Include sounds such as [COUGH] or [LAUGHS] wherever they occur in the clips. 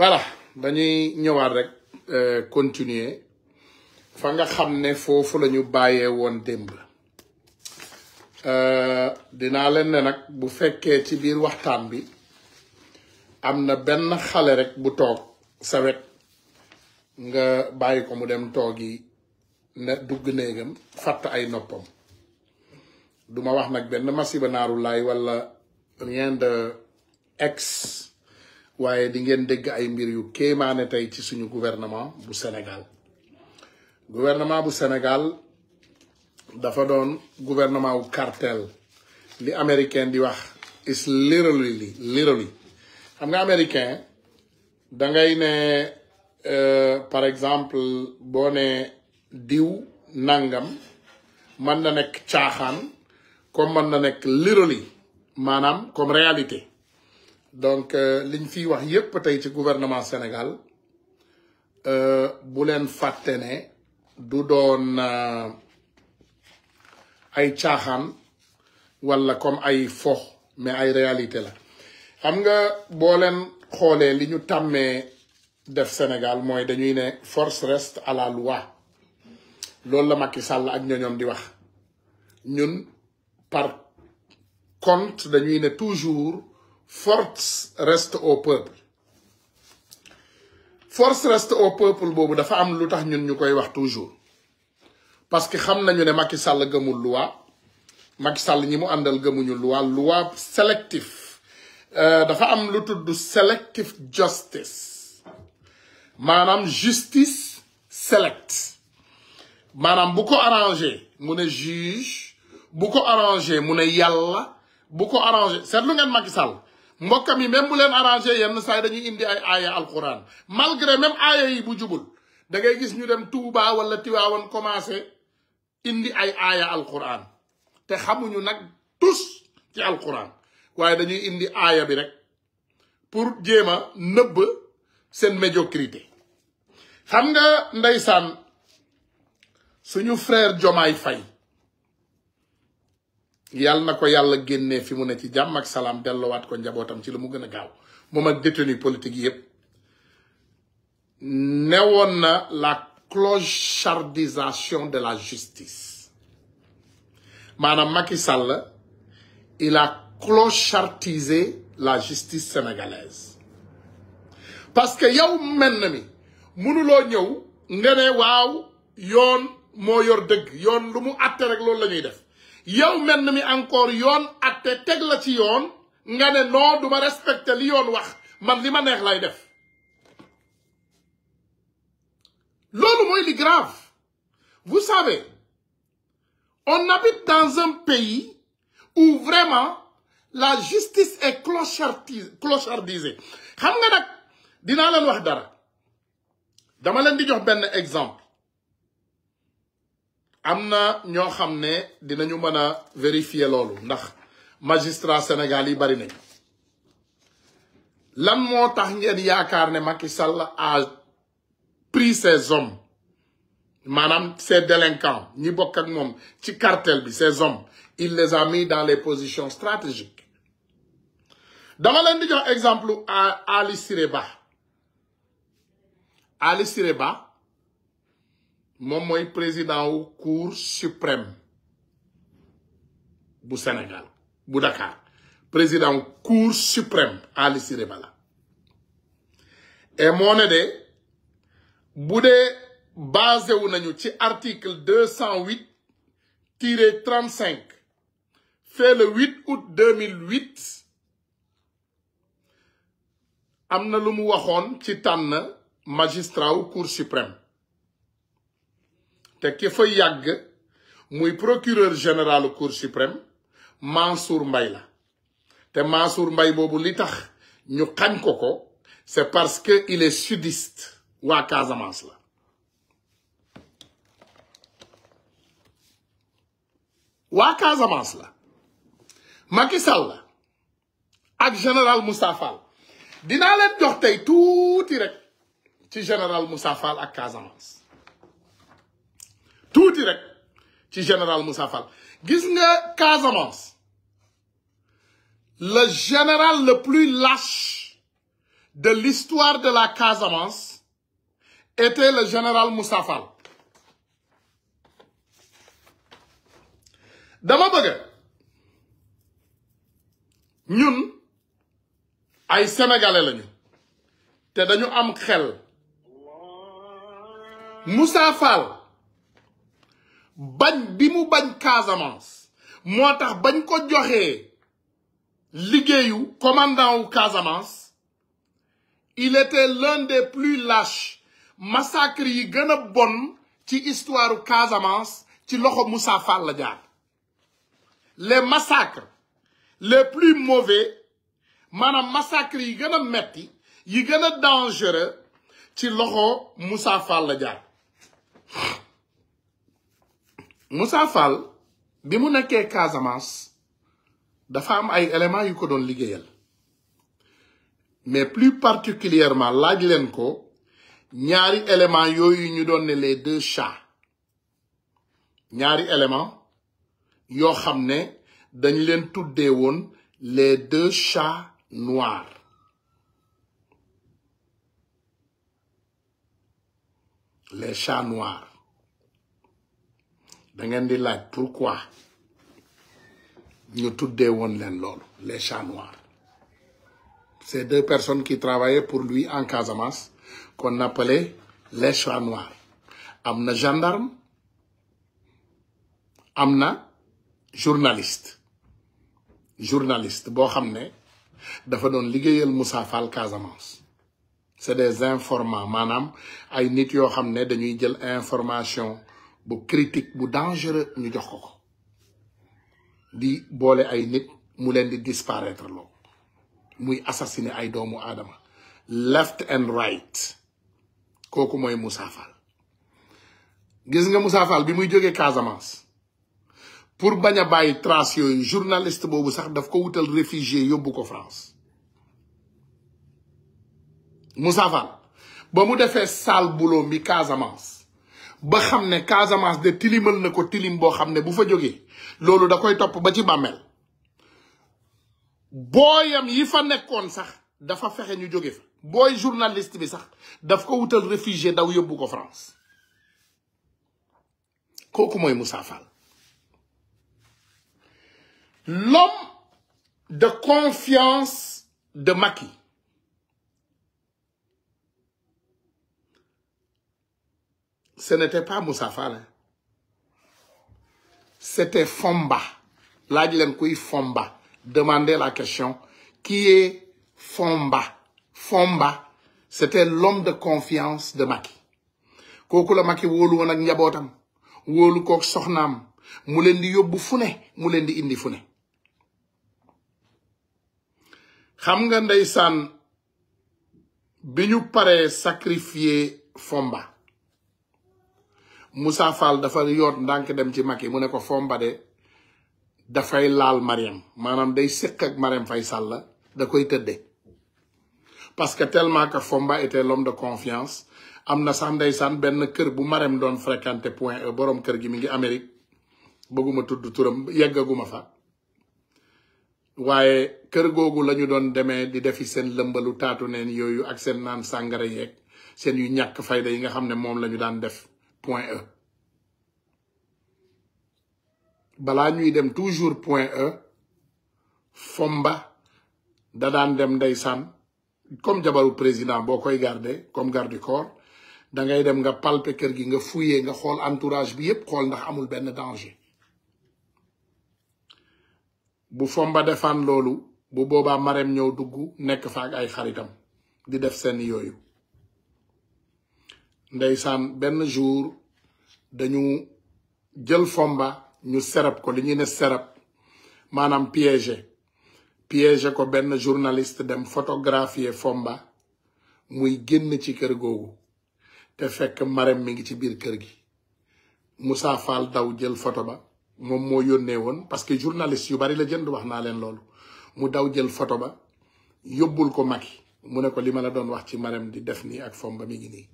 voilà dañuy ñëwaat rek euh, continuer fa nga xam ne foofu la ñu bàyyee woon démb euh, dinaa leen ne nag bu fekkee ci biir waxtaan bi am na benn xale rek bu toog sa wet nga bàyyi ko mu dem toog yi ne dugg néegam fàtt ay noppam duma wax nag benn masiba naaru laay wala rien de ex waaye di ngeen dégg ay mbir yu kéemaane tey ci suñu gouvernement bu Sénégal gouvernement bu Sénégal dafa doon gouvernement wu cartel li américain di wax is literally li literally xam nga américain dangay ne euh, par exemple boo diw nangam mën na nekk caaxaan comme mën na nekk literally maanaam comme réalité donc euh, liñ fi wax yépp tey ci gouvernement Sénégal euh, bu leen fàtte ne du doon euh, ay caaxaan walla comme ay fo mais ay réalité la xam nga boo leen xoolee li ñu tàmmee def Sénégal mooy dañuy ne force rest à la loi loolu la Macky Sall ak ñoñoom di wax ñun par contre dañuy ne toujours force reste au peuple reste au peuple boobu dafa am lu tax ñun ñu koy wax toujours parce que xam nañu ne Macky Sall gëmul loi Macky Sall ñi mu àndal gëmuñu loi loi sélectif euh, dafa am lu tudd selectif justice maanaam justice select maanaam bu ko arrangé mu ne juge bu ko arrangé mu ne yàlla bu ko arrangé seetlu ngeen Macky Sall mbokkam mi même bu leen arrangé yenn saa dañuy indi ay aaya alquran malgré même aaya yi bu jubul da ngay gis ñu dem Touba wala Tiwaawan commencé indi ay aaya alquran te xamuñu nag tous ci alquran waaye dañuy indi aaya bi rek pour jéem a nëbb seen médiocrité xam nga ndeysaan suñu frère Jomaay Fay yàlla na ko yàlla génne fi mu ne ci jàmm ak salaam dellowaat ko njabootam ci lu mu gën a gaaw moom mag détenu politique yépp newoon na la clochardisation de la justice maanaam Macky Sall il a clochardisé la justice sénégalaise parce que yow mel mi mënuloo ñëw nga ne waaw yoon moo yor dëgg yoon lu mu àtte rek loolu la ñuy def yow mel mi encore yoon atte teg la ci yoon nga ne du duma respecté li yoon wax man li ma neex lay def loolu mooy li grave vous savez on habite dans un pays où vraiment la justice est clochardisée xam nga nag dinaa leen wax dara dama leen di jox benn exemple am na ñoo xam ne dinañu mën a vérifier loolu ndax magistrat Sénégal yi bari nañ lan moo tax ngeen yaakaar ne Macky Sall a pris ses hommes maanaam ces délinquants ñi bokk ak moom ci cartel bi ces hommes il les a mis dans les positions stratégiques dama leen di jox exemple à Ali Siré Ba Ali Siré Ba moom mooy président wu cour suprême bu Sénégal bu Dakar président wu cour suprême Ali Ciré Ba et moo ne de bu dee wu nañu ci article deux cent huit tiré trente cinq fait le huit août deux mille huit am na lu mu waxoon ci tànn magistrat wu cour suprême. te ki fa yàgg muy procureur général cour suprême Mansour mbay la te Mansour mbay boobu li tax ñu xañ ko ko c'est parce que il est sudiste waa Casamance la waa Casamance la Macky Sall la ak général Moussa Fall dinaa leen jox tey tuuti rek ci général Moussa Fall ak Casamance tuuti rek ci général Moussa Fall gis nga Casamance le général le plus lâche de l'histoire de la Casamance était le général Moussa Fall dama bëgg ñun ay sénégalais lañu te dañu am xel Moussa Fall bañ bi mu bañ Casamance moo tax bañ ko joxee liggéeyu commandant wu Casamance il était l'un des plus lâches massacre yi gëna a bon ci histoire Casamance ci loxo Moussa Fall le jaar les plus mauvais maanaam massacre yi gëna a metti yi gëna a dangereux ci loxo Moussa Fall la Moussa Fall bi mu nekkee Casamance dafa am ay éléments yu ko doon liggéeyal mais plus particulièrement laaj leen ko ñaari éléments yooyu ñu doon ne les deux chats ñaari éléments yoo xam ne dañ leen tuddee woon les deux chats noirs les chats noirs da ngeen di laaj pourquoi ñu tuddee woon leen loolu les chats noirs ces deux personnes qui travaillaient pour lui en Casamance kon appelait les chats noirs am na gendarme am na journaliste journaliste boo xam ne dafa doon liggéeyal Moussa Fall Casamance c'est des informants maanaam ay nit yoo xam ne dañuy jël information bu critique bu dangereux ñu jox ko ko di boole ay nit mu leen di disparaître loo muy assassiner ay doomu aadama left and right kooku mooy Moussa gis nga Moussa Fall bi muy jógee Casamance pour bañ a bàyyi trace yooyu journaliste boobu sax daf ko wutal réfugié yóbbu ko France Moussa Fall ba mu defee sale boulot bi Casamance ba xam ne Casamance de tilimal na ko tilim boo xam ne bu fa jógee loolu da koy topp ba ci bàmmeel booyam yi fa nekkoon sax dafa fexe ñu jóge booy journaliste bi sax daf ko wutal réfugié daw yóbbu ko France kooku mooy Moussa Fall l'homme de confiance de Macky ce n'était pas Moussa Fall c'était Fomba laaj leen kuy Fomba demandez la question qui est Fomba Fomba c'était l'homme de confiance de Macky kooku la Macky wóolu woon njabootam wóolu kook soxnaam mu leen di yóbbu fune ne mu leen di indi fu ne xam nga ndeysaan bi ñu paree sacrifier Fomba Moussa Fall dafa yoot ndànk dem ci mag yi mu ne ko Fombade dafay laal Mariam maanaam day sëq ak Mariam Faye Sall da koy tëdde parce que tellement que Fomba était l'homme de confiance am na sax ndeysaan benn kër bu Mariam doon fréquenté point e boroom kër gi mu ngi Amérique bëgguma tudd turam yeggaguma fa waaye kër googu la ñu doon demee di defi seen lëmbalu taatu neen yooyu ak seen naan sangara yeeg seen yu ñàkk fayda yi nga xam ne moom la ñu daan def point e. balaa ñuy dem toujours point E Fomba da daan dem ndeysaan comme jabaru président boo koy garder comme garde corps da ngay dem nga palper kër gi nga fuye nga xool entourage bi yépp xool ndax amul benn danger bu Fomba defaan loolu bu boobaa Marème ñëw dugg nekk fa ay xaritam di def seen yooyu. ndeysaan benn jour dañu jël fomba ñu serap ko li ñuy ne serap maanaam piégé piégé ko benn journaliste dem photographier fomba muy génn ci kër googu te fekk marem mi ngi ci biir kër gi Moussa Fall daw jël foto ba moom moo yónnee woon parce que journaliste yu bari la jënd wax naa leen loolu mu daw jël photo ba yóbbul ko Macky mu ne ko li ma doon wax ci marem di def nii ak fomba mi ngi nii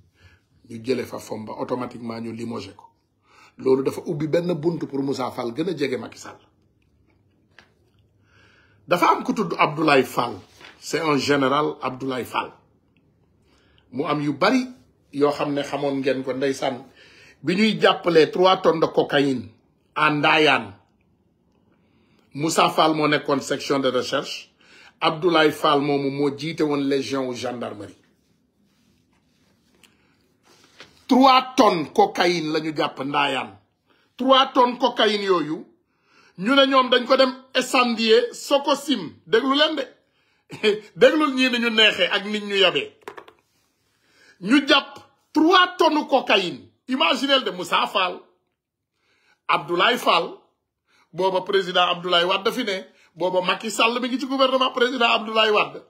ñu jëlee fa fom ba automatiquement ñu limogé ko loolu dafa ubbi benn bunt pour Moussa Fall gën a jege Macky Sall dafa am ku tudd Abdoulaye Fall c'est un général Abdoulaye Fall mu am yu bari yoo xam ne xamoon ngeen ko ndeysaan bi ñuy jàppalee trois tonnes de cocaïne à Ndayane Moussa Fall moo nekkoon section de recherche Abdoulaye Fall moomu moo jiite woon légion wu gendarmerie trois tonnes cocaïne la ñu jàpp ndaayaan trois tonnes cocaïne yooyu ñu ne ñoom dañ ko dem escandiller Sococim déglu leen de [LAUGHS] déglul ñii ni ñu neexee ak nit ñu yabee ñu jàpp trois tonnes cocaïne imaginel de Moussa Fall Abdoulaye Fall booba président Abdoulaye Wade fi ne booba Macky Sall bi ngi ci gouvernement président Abdoulaye Wade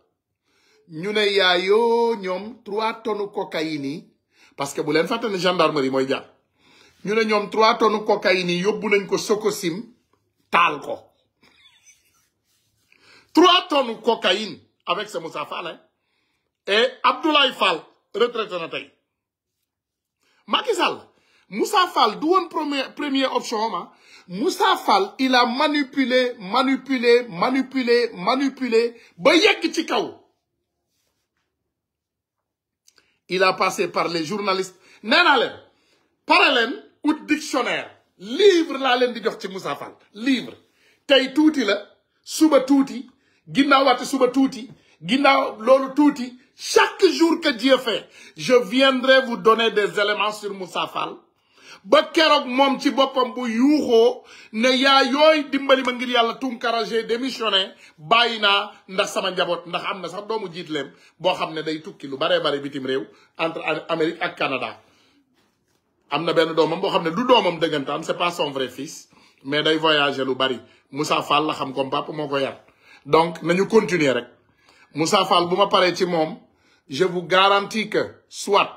ñu ne yaayoo ñoom trois tonnes cocaïne yi parce que bu leen fàtte ne gendarmerie mooy jàpp ñu ne ñoom trois tonnes cocaïne yi yóbbu nañ ko Sococim taal ko trois u cocaïne avec sa Moussa Fall et Abdoulaye Fall retraité na tey Macky Sall Moussa du woon premier premier option ma Moussa Fall il a manipulé manipulé manipulé ba yegg ci kaw il a passé par les journalistes nee naa leen pare leen ut dictionnaire livre laa leen di gox ci Moussa Fall livre tey tuuti la suba tuuti ginnaaw waati suba tuuti ginnaaw loolu tuuti chaque jour que Dieu fait je viendrai vous donner des éléments sur Moussa Fall ba keroog moom ci boppam bu yuuxoo ne yaa yooy dimbali ngir yàlla Tunkara j'ai démissionné bàyyi naa ndax sama njaboot ndax am na sax doomu jiitleem boo xam ne day tukki lu baree bare bitim réew entre Amérique ak Canada am na benn doomam boo xam ne du doomam dëggantaan c'est pas son vrai fils mais day voyager lu bari Moussa Fall la xam comme papa moo ko yar donc nañu continuer rek mussa Fall bu ma paree ci moom je vous garantis que soit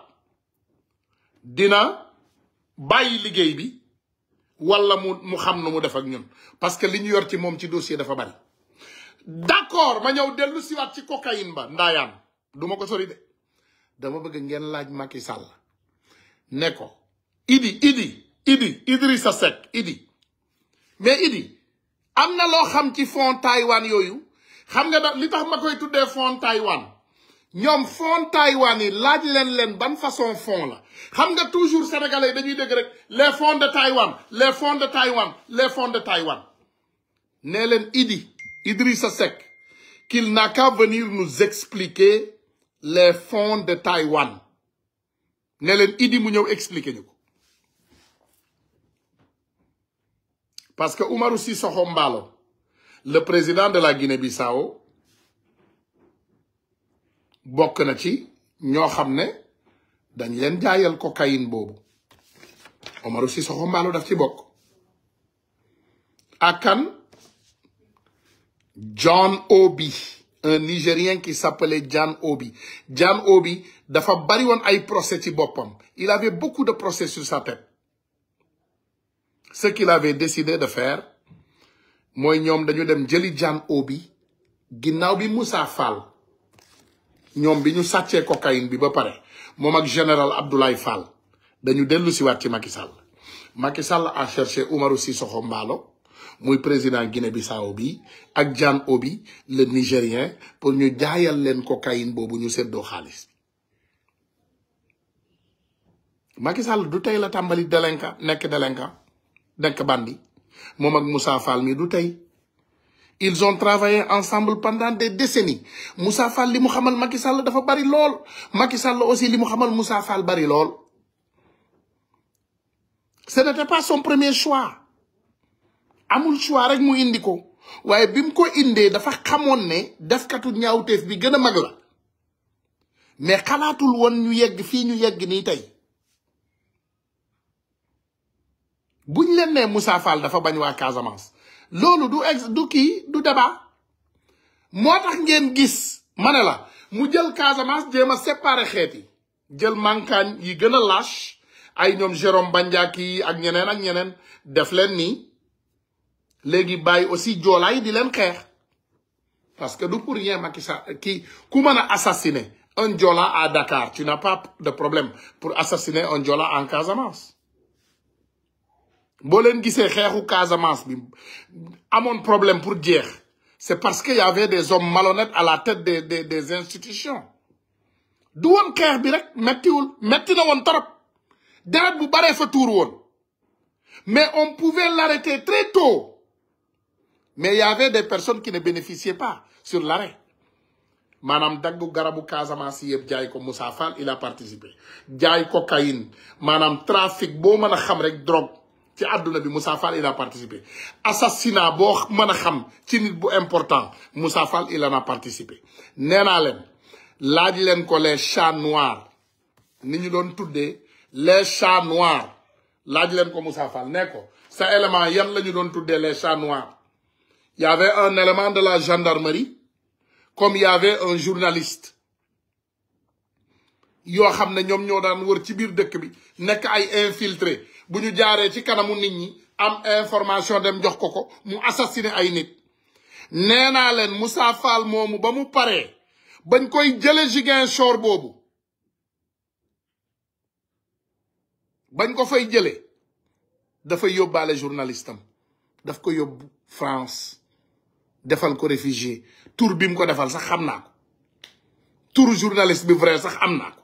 dina bàyyi liggéey bi wala mu mu xam na mu def ak ñun parce que li ñu yor ci moom ci dossier dafa bari d'accord ma ñëw dellu siwaat ci cocaïne ba ndaayaan duma ko sori de dama bëgg ngeen laaj Macky Sall ne ko idi idi idi Idrissa Seck idi mais idi am na loo xam ci fond Taïwan yooyu xam nga da li tax ma koy tuddee fond Taïwan ñoom fonds Taïwan yi laaj leen leen ban façon fonds la xam nga toujours sénégalais dañuy dégg rek les fonds de Taïwan les fonds de Taïwan les fonds de Taïwan nee leen Idi Idrissa Seck qu'il n'a qu'à venir nous expliquer les fonds de Taïwan ne leen Idi mu ñëw expliquer ñu ko parce que Umaru Sissoco Embaló le président de la Guinée-Bissau bokk na ci ñoo xam ne dañ leen jaayal cocaïne boobu Omarou Cissokho Mballo daf ci bokk ak kan John Obi un Nigérien qui s'appelait Jan Obi Jan Obi dafa bari woon ay procès ci boppam il avait beaucoup de procès sur sa tête ce qu'il avait décidé de faire mooy ñoom dañu dem jëli Jan Obi ginnaaw bi Moussa Fall ñoom bi ñu sàccee cocaïne bi ba pare moom ak général Abdoulaye Fall dañu dellu ci Macky Sall Macky Sall a cherché Umaru Sissoko Embaló muy président Guinée-Bissau bi ak Jan Obi le Nigérien pour ñu jaayal leen cocaïne boobu ñu seddoo xaalis Macky Sall du tey la tàmbali délinquant nekk délinquant nekk bandi moom ak Moussa Fall mi du tey ils ont travaillé ensemble pendant des décennies Moussa Fall li mu xamal Macky Sall dafa bari lool Macky Sall aussi li mu xamal Moussa Fall bari lool ce n'était pas son premier choix amul choix rek mu indi ko waaye bi mu ko indee dafa xamoon ne defkatu ñaawteef bi gën a mag la mais xalaatul woon ñu yegg fii ñu yegg nii tey buñ leen nee Moussa Fall dafa bañ waa Casamance loolu du ex du kii du débat moo tax ngeen gis ma ne la mu jël Casamance jéem a séparer xeet yi jël mankaañ yi gën a lâche ay ñoom Jérôme Bandiaki yi ak ñeneen ak ñeneen def leen nii léegi bàyyi aussi joolaay di leen xeex parce que du pour rien Macky Sall kii ku mën a assassiner un Joola à Dakar tu n'as pas de problème pour assassiner un Joola en Casamance boo leen gisee xeexu Casamance bi amoon problème pour jeex c'est parce que y des hommes malhonnêtes à la tête des des des institutions du woon xeex bi rek mettiwul metti na woon trop deret bu baree fa tuur woon mais on pouvait l'arrêter très tôt mais y des personnes qui ne bénéficiaient pas sur l'arrêt maanaam daggu garabu Casamance yëpp jaay ko Moussa Fall il a participé jaay cocaïne maanaam trafic boo mën a xam rek drogue ci àdduna bi Moussa Fall il a participé assassinat boo mën a xam ci nit bu important Moussa Fall il en a participé nee naa leen laaj leen ko les chats noirs ni ñu doon tuddee les chats noirs laaj leen ko Moussa Fall ne ko yan la ñu doon tuddee les chats noirs y avait un élément de la gendarmerie comme y avait un journaliste yoo xam ne ñoom ñoo daan wër ci biir dëkk bi nekk ay infiltre bu ñu jaaree ci kanamu nit ñi am information dem jox ko ko mu assassiné ay nit nee naa leen Moussa Fall moomu ba mu pare bañ koy jële Ziguinchor boobu bañ ko fay jële dafay yóbbaale journaliste am daf ko yóbbu France defal ko réfugié tur bi mu ko defal sax xam naa ko tur journaliste bi vrai sax am naa ko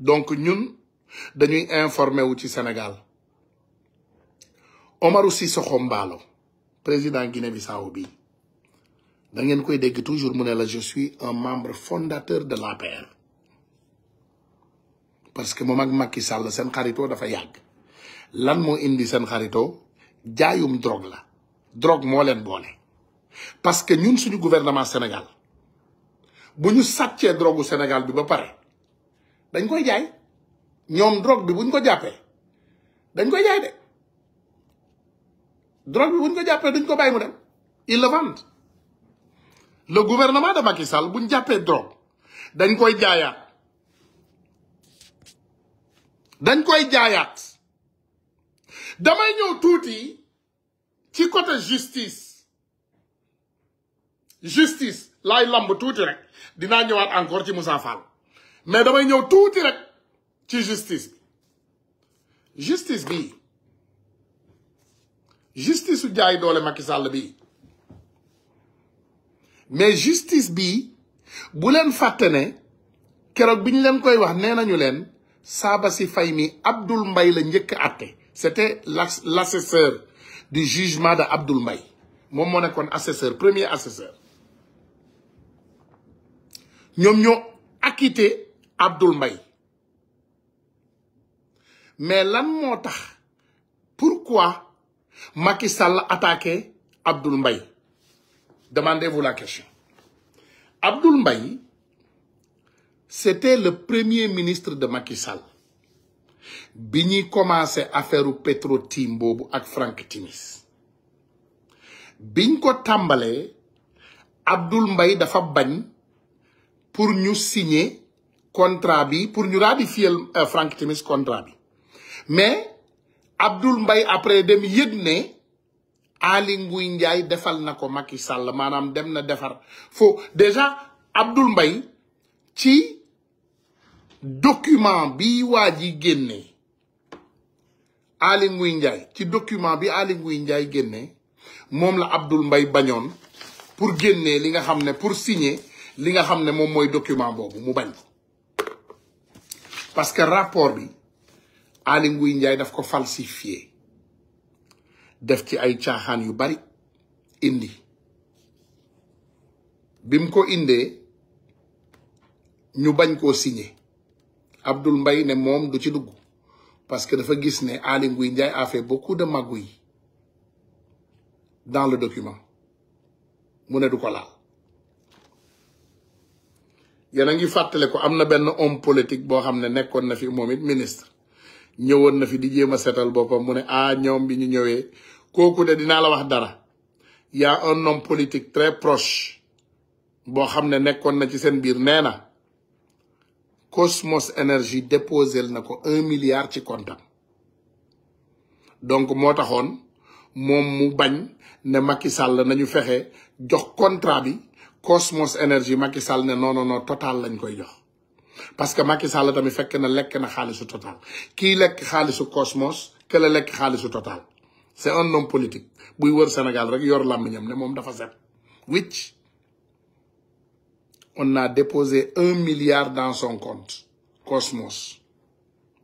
donc ñun dañuy informé wu ci Sénégal Omarou Sissoko Embaló président Guinée-Bissau bi da ngeen koy dégg toujours mu ne la je suis un membre fondateur de l'APR parce que moom mag ki sàll seen xarito dafa yàgg lan moo indi seen xarito jaayum drogue la drogue moo leen boole parce que ñun suñu gouvernement Sénégal bu ñu sàccee drogu Sénégal bi ba pare dañ koy jaay ñoom drogue bi buñ ko jàppee dañ koy jaay de drogue bi buñ ko jàppee duñ ko bàyyi mu dem ils le vendent le gouvernement de Macky buñ jàppee drogue dañ koy jaayaat dañ koy jaayaat damay ñëw tuuti ci côté justice justice lay lamb tuuti rek dinaa ñëwaat encore ci Moussa Fall mais damay ñëw tuuti rek ci justice bi justice bii justice su jaay doole Macky Sall bii mais justice bii bu leen fàtte ne keroog bi ñu leen koy wax nee nañu leen saaba si fay mi Abdoul mbay la njëkk àtte c'était l'assesseur du jugement de Abdoul mbay moom moo nekkoon assesseur premier assesseur ñoom ñoo acquitté Abdoul mbay mais lan moo tax pourquoi Macky Sall attaqué Abdoul Mbaye demandez-vous la question Abdoul Mbaye c'était le premier ministre de Macky Sall bi ñuy commencé affaire Petro Tim boobu ak Frank Timis biñ ko tàmbalee Abdoul mbay dafa bañ pour ñu signe contrat bi pour ñu ratifier euh, Frank Timis contrat bi mais Abdoul mbay après dem yëg ne Aly Ngouille Ndiaye defal na ko Macky Sall maanaam dem na defar foo déjà abdul mbay ci document bi waa ji génne Aly Ngouille Ndiaye ci document bi Aly Ngouille Ndiaye génne moom la Abdoul mbay bañoon pour génnee li nga xam ne pour signe li nga xam ne moom mooy document boobu mu bañ parce que rapport bi Aly Ngouille Ndiaye def ko falsifié def ci ay caaxaan yu bari indi bim ko indee ñu bañ koo signé Abdoul mbay ne moom du ci dugg parce que dafa gis ne Aly Ngouille Ndiaye a fait beaucoup de magouilles dans le document mu ne du ko laal yéen a ngi fàttale ko am na benn homme politique boo xam ne nekkoon na fi moom it ministre ñëwoon na fi di jéem a seetal boppam mu ne ah ñoom bi ñu ñëwee kooku de dinaa la wax dara y un homme politique très proche boo xam ne nekkoon na ci seen biir nee na Cosmos énergie déposé na ko un milliard ci compte donc moo taxoon moom mu bañ ne Macky Sall nañu fexe jox contrat bi Cosmos énergie Macky Sall ne non non non Total lañ koy jox parce que Macky Sall tamit fekk na lekk na xaalisu Total kii lekk xaalisu Cosmos ke la lekk xaalisu Total c'est un homme politique buy wër Sénégal rek yor làmmiñam ne moom dafa set wicc on na déposé un milliard dans son compte Cosmos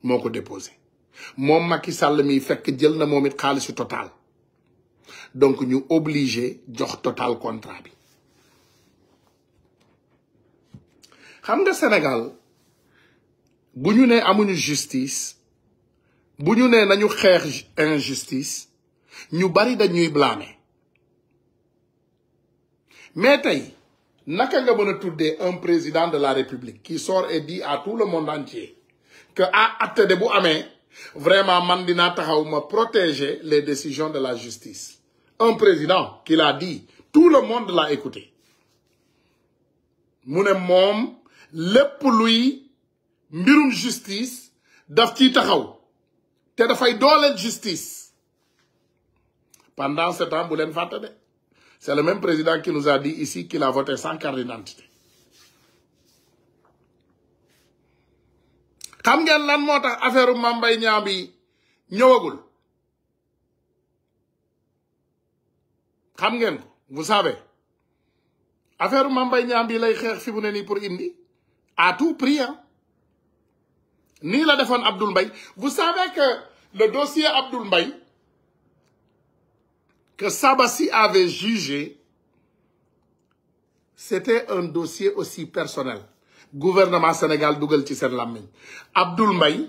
moo ko déposé moom Macky Sall mi fekk jël na moom it xaalisu Total donc ñu obligé jox Total contrat bi xam nga Sénégal bu ñu nee amuñu justice bu ñu nee nañu xeex injustice ñu bari dañuy blâmer mais tey naka nga mën a tuddee un président de la république qui sort et dit à tout le monde entier que à acte de bu amee vraiment man dinaa taxaw ma protéger les décisions de la justice un président qui l'a dit tout le monde l'a écouté mu ne moom lépp luy mbirum justice daf ciy taxaw te dafay doole justice pendant ce temps bu leen fàtte de c'est le même président qui nous a dit ici qu'il a voté sans carte xam ngeen lan moo tax affaire Mame Mbaye Niang bi ñëwagul xam ngeen ko vous savez affaire Mame Mbaye Niang lay xeex fi mu ne nii pour indi à tout prix ni nii la defoon Abdoul Mbaye vous savez que le dossier Abdoul Mbaye que Sabassi avait jugé c'était un dossier aussi personnel gouvernement Sénégal dugal ci seen làmmiñ Abdoul Mbaye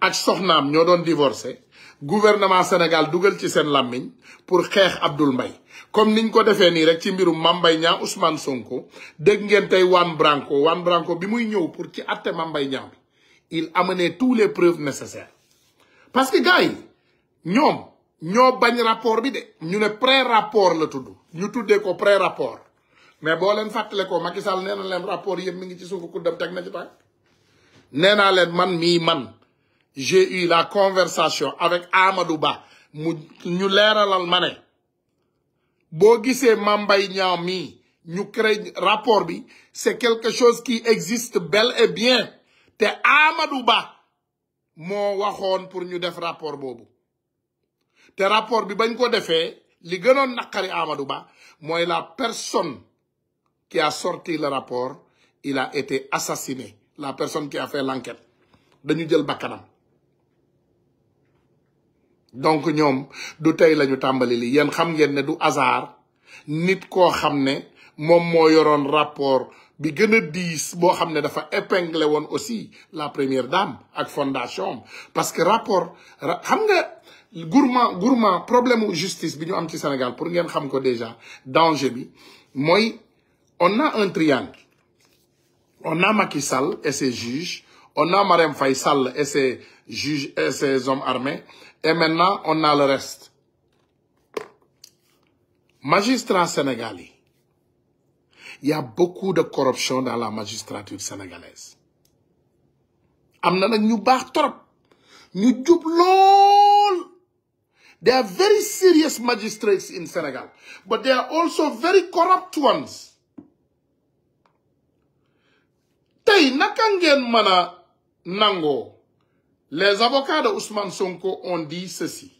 ak soxnaam ñoo doon divorcé gouvernement Sénégal dugal ci seen làmmiñ pour xeex Abdoul mbay comme niñ ko defee nii rek ci mbirum Mame Mbaye Niang Ousmane Sonko dégg ngeen tey Juan Branco Juan Branco bi muy ñëw pour ci àtte Mame Mbaye Niang bi il amenait tous les preuves nécessaires parce que gars yi ñoom ñoo bañ rapport bi de ñu ne pre rapport la tudd ñu tuddee ko pre rapport mais boo leen fàttale ko Macky Sall nee na leen rapport yëpp mi ngi ci suufu kuddam teg na ci tànk nee naa leen man mii man j'ai eu la conversation avec Amadou Ba mu ñu leeralal ma boo gisee Mame Mbaye Niang ñu créé rapport bi c'est quelque chose qui existe bel et bien te Amadou Ba moo waxoon pour ñu def rapport boobu te rapport bi bañ ko defee li gënoon naqari Amadou Ba mooy la personne qui a sorti le rapport il a été assassiné la personne ki a fait l'enquête dañu jël bakkanam donc ñoom du tey la ñu tàmbali lii yéen xam ngeen ne du hasard nit koo xam ne moom moo yoroon rapport bi gën a diis boo xam ne dafa épinglé woon aussi la première dame ak fondation parce que rapport xam nga gourmand gourmand problème justice bi ñu am ci Sénégal pour ngeen xam ko déjà danger bi mooy on na un triangle on a Macky Sall et ses juges on a Marème Faye Sall et ses juges et ses armés et on a le reste magistrats beaucoup de corruption dans la magistrature sénégalaise am na nag ñu baax trop ñu jub lool they are very serious magistrates in Senegal but they are also very corrupt ones tey naka ngeen mën a nangoo les avocats de Ousmane Sonko ont dit ceci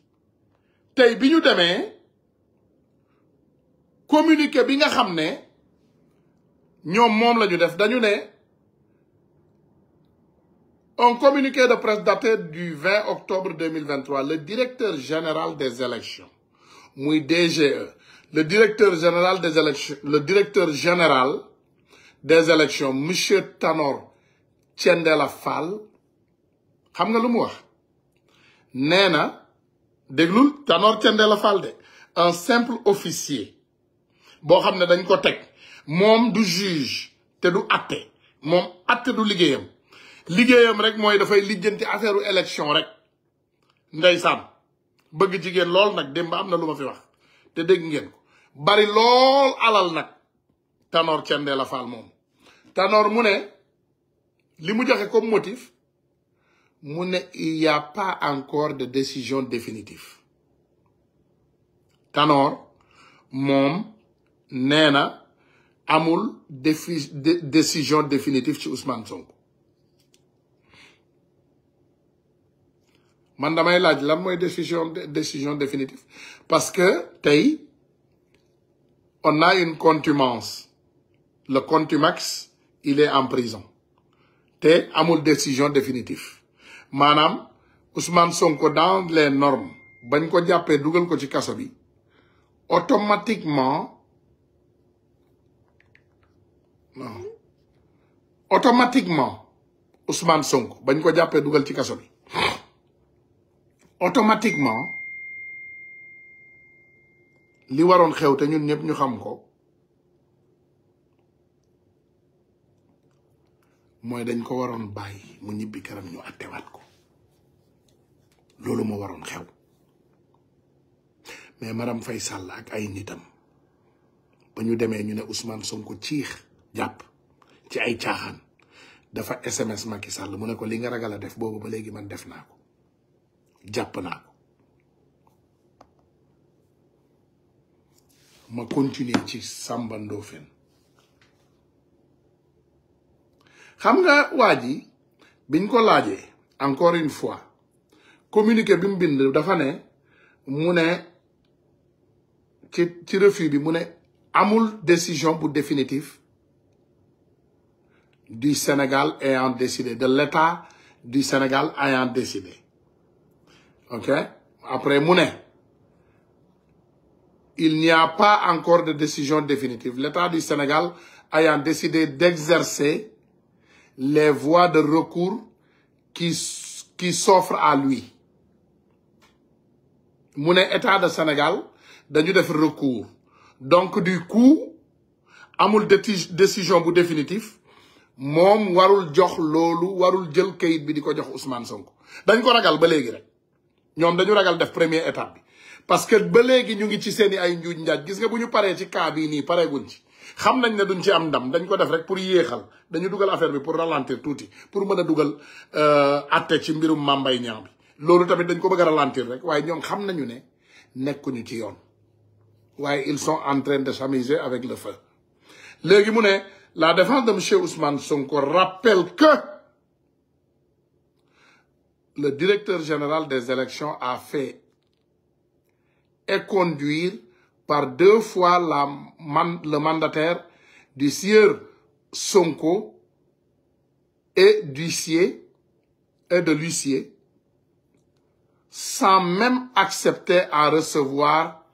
tey bi ñu demee communiqué bi nga xam ne ñoom moom lañu ñu def dañu ne un communiqué de presse daté du 20 octobre 2023 le directeur général des élections muy DGE le directeur général des élections le directeur général des élections monsieur Tanor Tiendela Fall xam nga lu mu wax nee na déglul Tanor Thiendella Fall de un simple officier boo xam ne dañ ko teg moom du juge te du atte moom atte du liggéeyam liggéeyam rek mooy dafay lijjanti affaire élection rek ndeysaan bëgg jigéen lool nag démb am na lu ma fi wax te dégg ngeen ko bari lool alal nag Tanor Thiendella Fall moom Tanor mu ne li mu joxe comme motif mu ne il y pas encore de décision définitive Tanor moom nee na amul défi décision définitive ci Ousmane Sonko man damay laaj lan mooy décision décision définitive parce que tey on a une contumace le contumax il est en prison te amul décision définitive maanaam Ousmane Sonko dans les normes bañ ko jàppee dugal ko ci kaso bi automatiquement non automatiquement Ousmane Sonko bañ ko jàppee dugal ci kaso bi automatiquement li waroon xew te ñun ñëpp ñu xam ko mooy dañ ko waroon bàyyi mu ñibbi këram ñu attewaat ko loolu moo waroon xew mais Marème fay sàll ak ay nitam ba ñu demee ñu ne Ousmane Sonko ciix jàpp ci ay caaxaan dafa SMS Macky Sall mu ne ko li nga ragal a def boobu ba léegi man def naa ko jàpp naa ko ma continuer ci Samba Ndofène xam nga waa ji biñ ko laajee encore une fois communiqué bi bind dafa ne mu ne ci ci refus bi mu ne amul décision bu définitive du Sénégal ayant décidé de l'État du Sénégal ayant décidé ok après mu ne il n'y pas encore de décision définitive l'État du Sénégal ayant décidé d'exercer les voies de recours qui qui s'offrent à lui mu ne état de Sénégal dañu def recours donc du coup amul décision bu définitif moom warul jox loolu warul jël kayit bi di ko jox Ousmane Sonko dañ ko ragal ba léegi rek ñoom dañu ragal def première état bi parce que ba léegi ñu ngi ci seeni ay njuuñ njaaj gis nga bu ñu paree ci cas bii nii pareeguñ ci xam nañ ne duñ ci am ndam dañ ko def rek pour yéexal dañu dugal affaire bi pour ralentir tuuti pour mën a dugal euh, atte ci mbirum mambay ñaam bi loolu tamit dañ ko bëgg a ralentir rek waaye ñoom xam nañu ne nekkuñu ci yoon waaye ils sont en train de s'amuser avec le feu léegi mu ne la défense de monsieur Ousmane Sonko rappelle que le directeur général des élections a fait et conduire par deux fois la man, le mandataire du sieur Sonko et d'huissier et de l'huissier sans même accepter à recevoir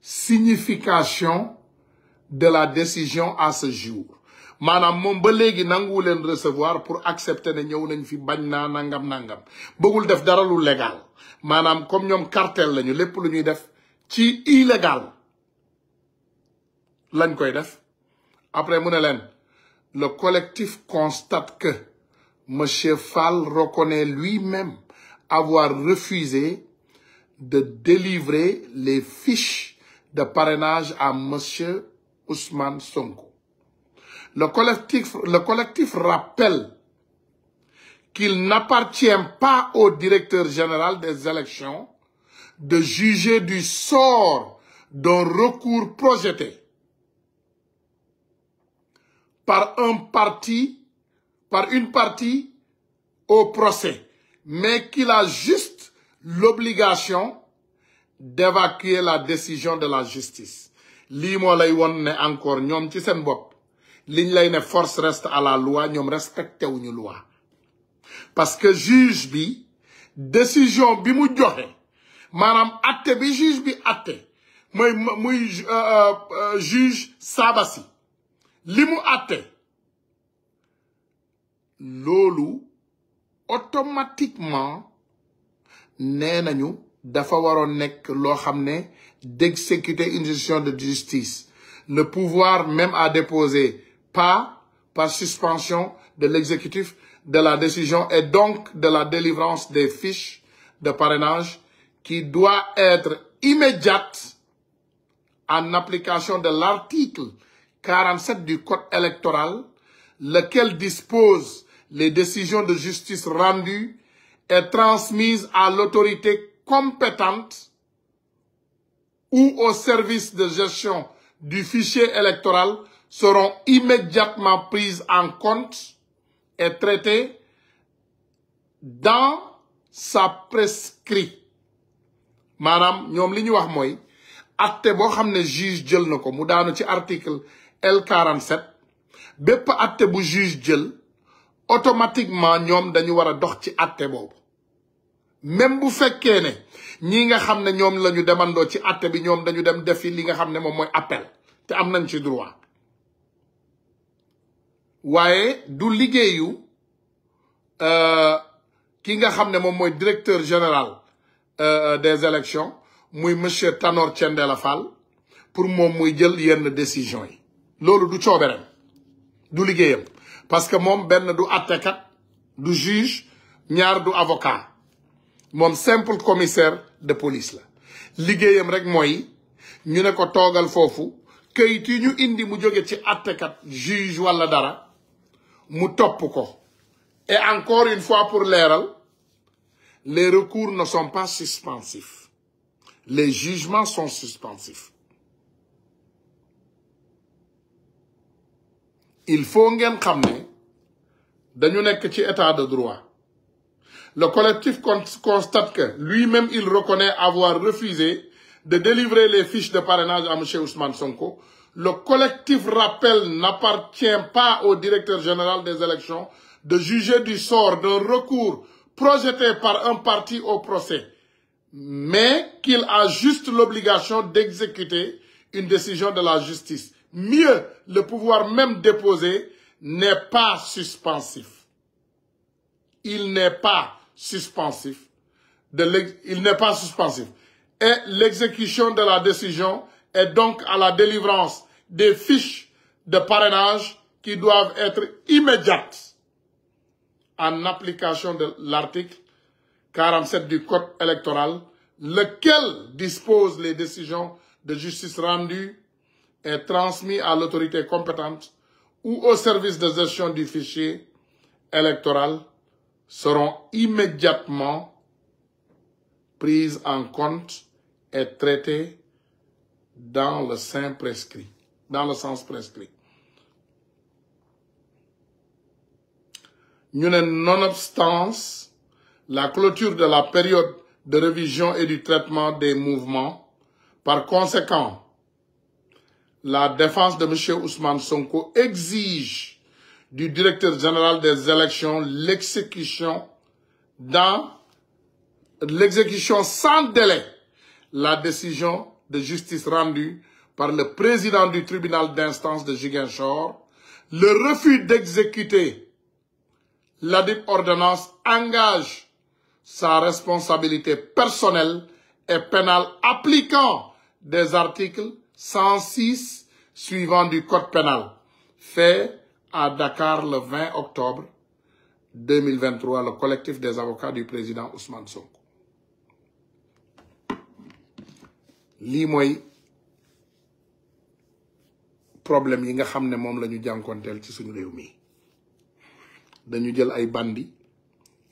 signification de la décision à ce jour maanaam moom ba léegi nanguwu leen recevoir pour accepter ne ñëw nañ fi bañ naa nangam nangam bëggul def dara lu légal maanaam comme ñoom cartel lañu lépp lu ñuy def ci illégal lañ koy def après mu ne leen le collectif constate que monsieur Fall reconnaît lui-même avoir refusé de délivrer les fiches de parrainage à monsieur Ousmane Sonko. Le le collectif rappelle qu'il n'appartient pas au directeur général des élections de juger du sort d'un recours projeté par un parti, par une parti au procès, mais qu'il a juste l'obligation d'évacuer la décision de la justice. lii moo lay won ne encore ñoom ci seen bopp liñ lay ne force reste à la loi ñoom respecté wuñu loi parce que juge bi décision bi mu joxe maanaam atte bi juge bi atte mooy muy euh, euh, juge Sabassi li mu àtte loolu automatiquement nee nañu dafa waroon nekk loo xam ne d'exécuter une décision de justice le pouvoir même à déposé pas par suspension de l'exécutif de la décision et donc de la délivrance des fiches de parrainage qui doit être immédiate en application de l'article 47 du Code électoral, lequel dispose les décisions de justice rendues et transmises à l'autorité compétente ou au service de gestion du fichier électoral seront immédiatement prises en compte et traitées dans sa prescrit maanaam ñoom li ñu wax mooy atte boo xam ne juge jël na ko mu daanu ci article L47 bépp atte bu juge jël automatiquement ñoom dañu war a dox ci atte boobu même bu fekkee ne ñi nga xam ne ñoom la ñu demandoo ci atte bi ñoom dañu dem defi li nga xam ne moom mooy appel te am nañ ci droit waaye du liggéeyu euh, ki nga xam ne moom mooy directeur général euh, des élections muy monsieur Tanor Thiendella Fall pour moom muy jël yenn décision yi loolu du coobereem du liggéeyam parce que moom benn du àttekat du juge ñaar du avocat moom simple commissaire de police la liggéeyam rek mooy ñu ne ko toogal foofu këyit yi ñu indi mu jóge ci àttekat juge walla dara mu topp ko et encore une fois pour leeral les recours ne sont pas suspensifs les jugements sont suspensifs il faut ngeen xam ne dañu nekk ci état de droit le collectif constate que lui-même il reconnaît avoir refusé de délivrer les fiches de parrainage à monsieur Ousmane Sonko le collectif rappelle n'appartient pas au directeur général des élections de juger du sort d'un recours projeté par un parti au procès mais qu'il a juste l'obligation d'exécuter une décision de la justice Mieux, le pouvoir même déposé n'est pas suspensif. Il n'est pas suspensif. De l il n'est pas de la décision est donc à la délivrance des fiches de parrainage qui doivent être immédiates en application de l'article 47 du Code électoral, lequel dispose les décisions de justice rendues est transmis à l'autorité compétente ou au service de gestion du fichier électoral seront immédiatement prises en compte et traitées dans le sens prescrit. Dans le sens prescrit. ñu ne nonobstant la clôture de la période de révision et du traitement des mouvements par conséquent la défense de M. Ousmane Sonko exige du directeur général des élections l'exécution dans l'exécution sans délai la décision de justice rendue par le président du tribunal d'instance de Ziguinchor, le refus d'exécuter ladite ordonnance engage sa responsabilité personnelle et pénale appliquant des articles 106 suivant du code pénal fait à Dakar le 20 octobre 2023 le collectif des avocats du président Ousmane Sonko lii mooy problème yi nga xam ne moom la ñu jànkoonteel ci suñu réew mi dañu jël ay bandi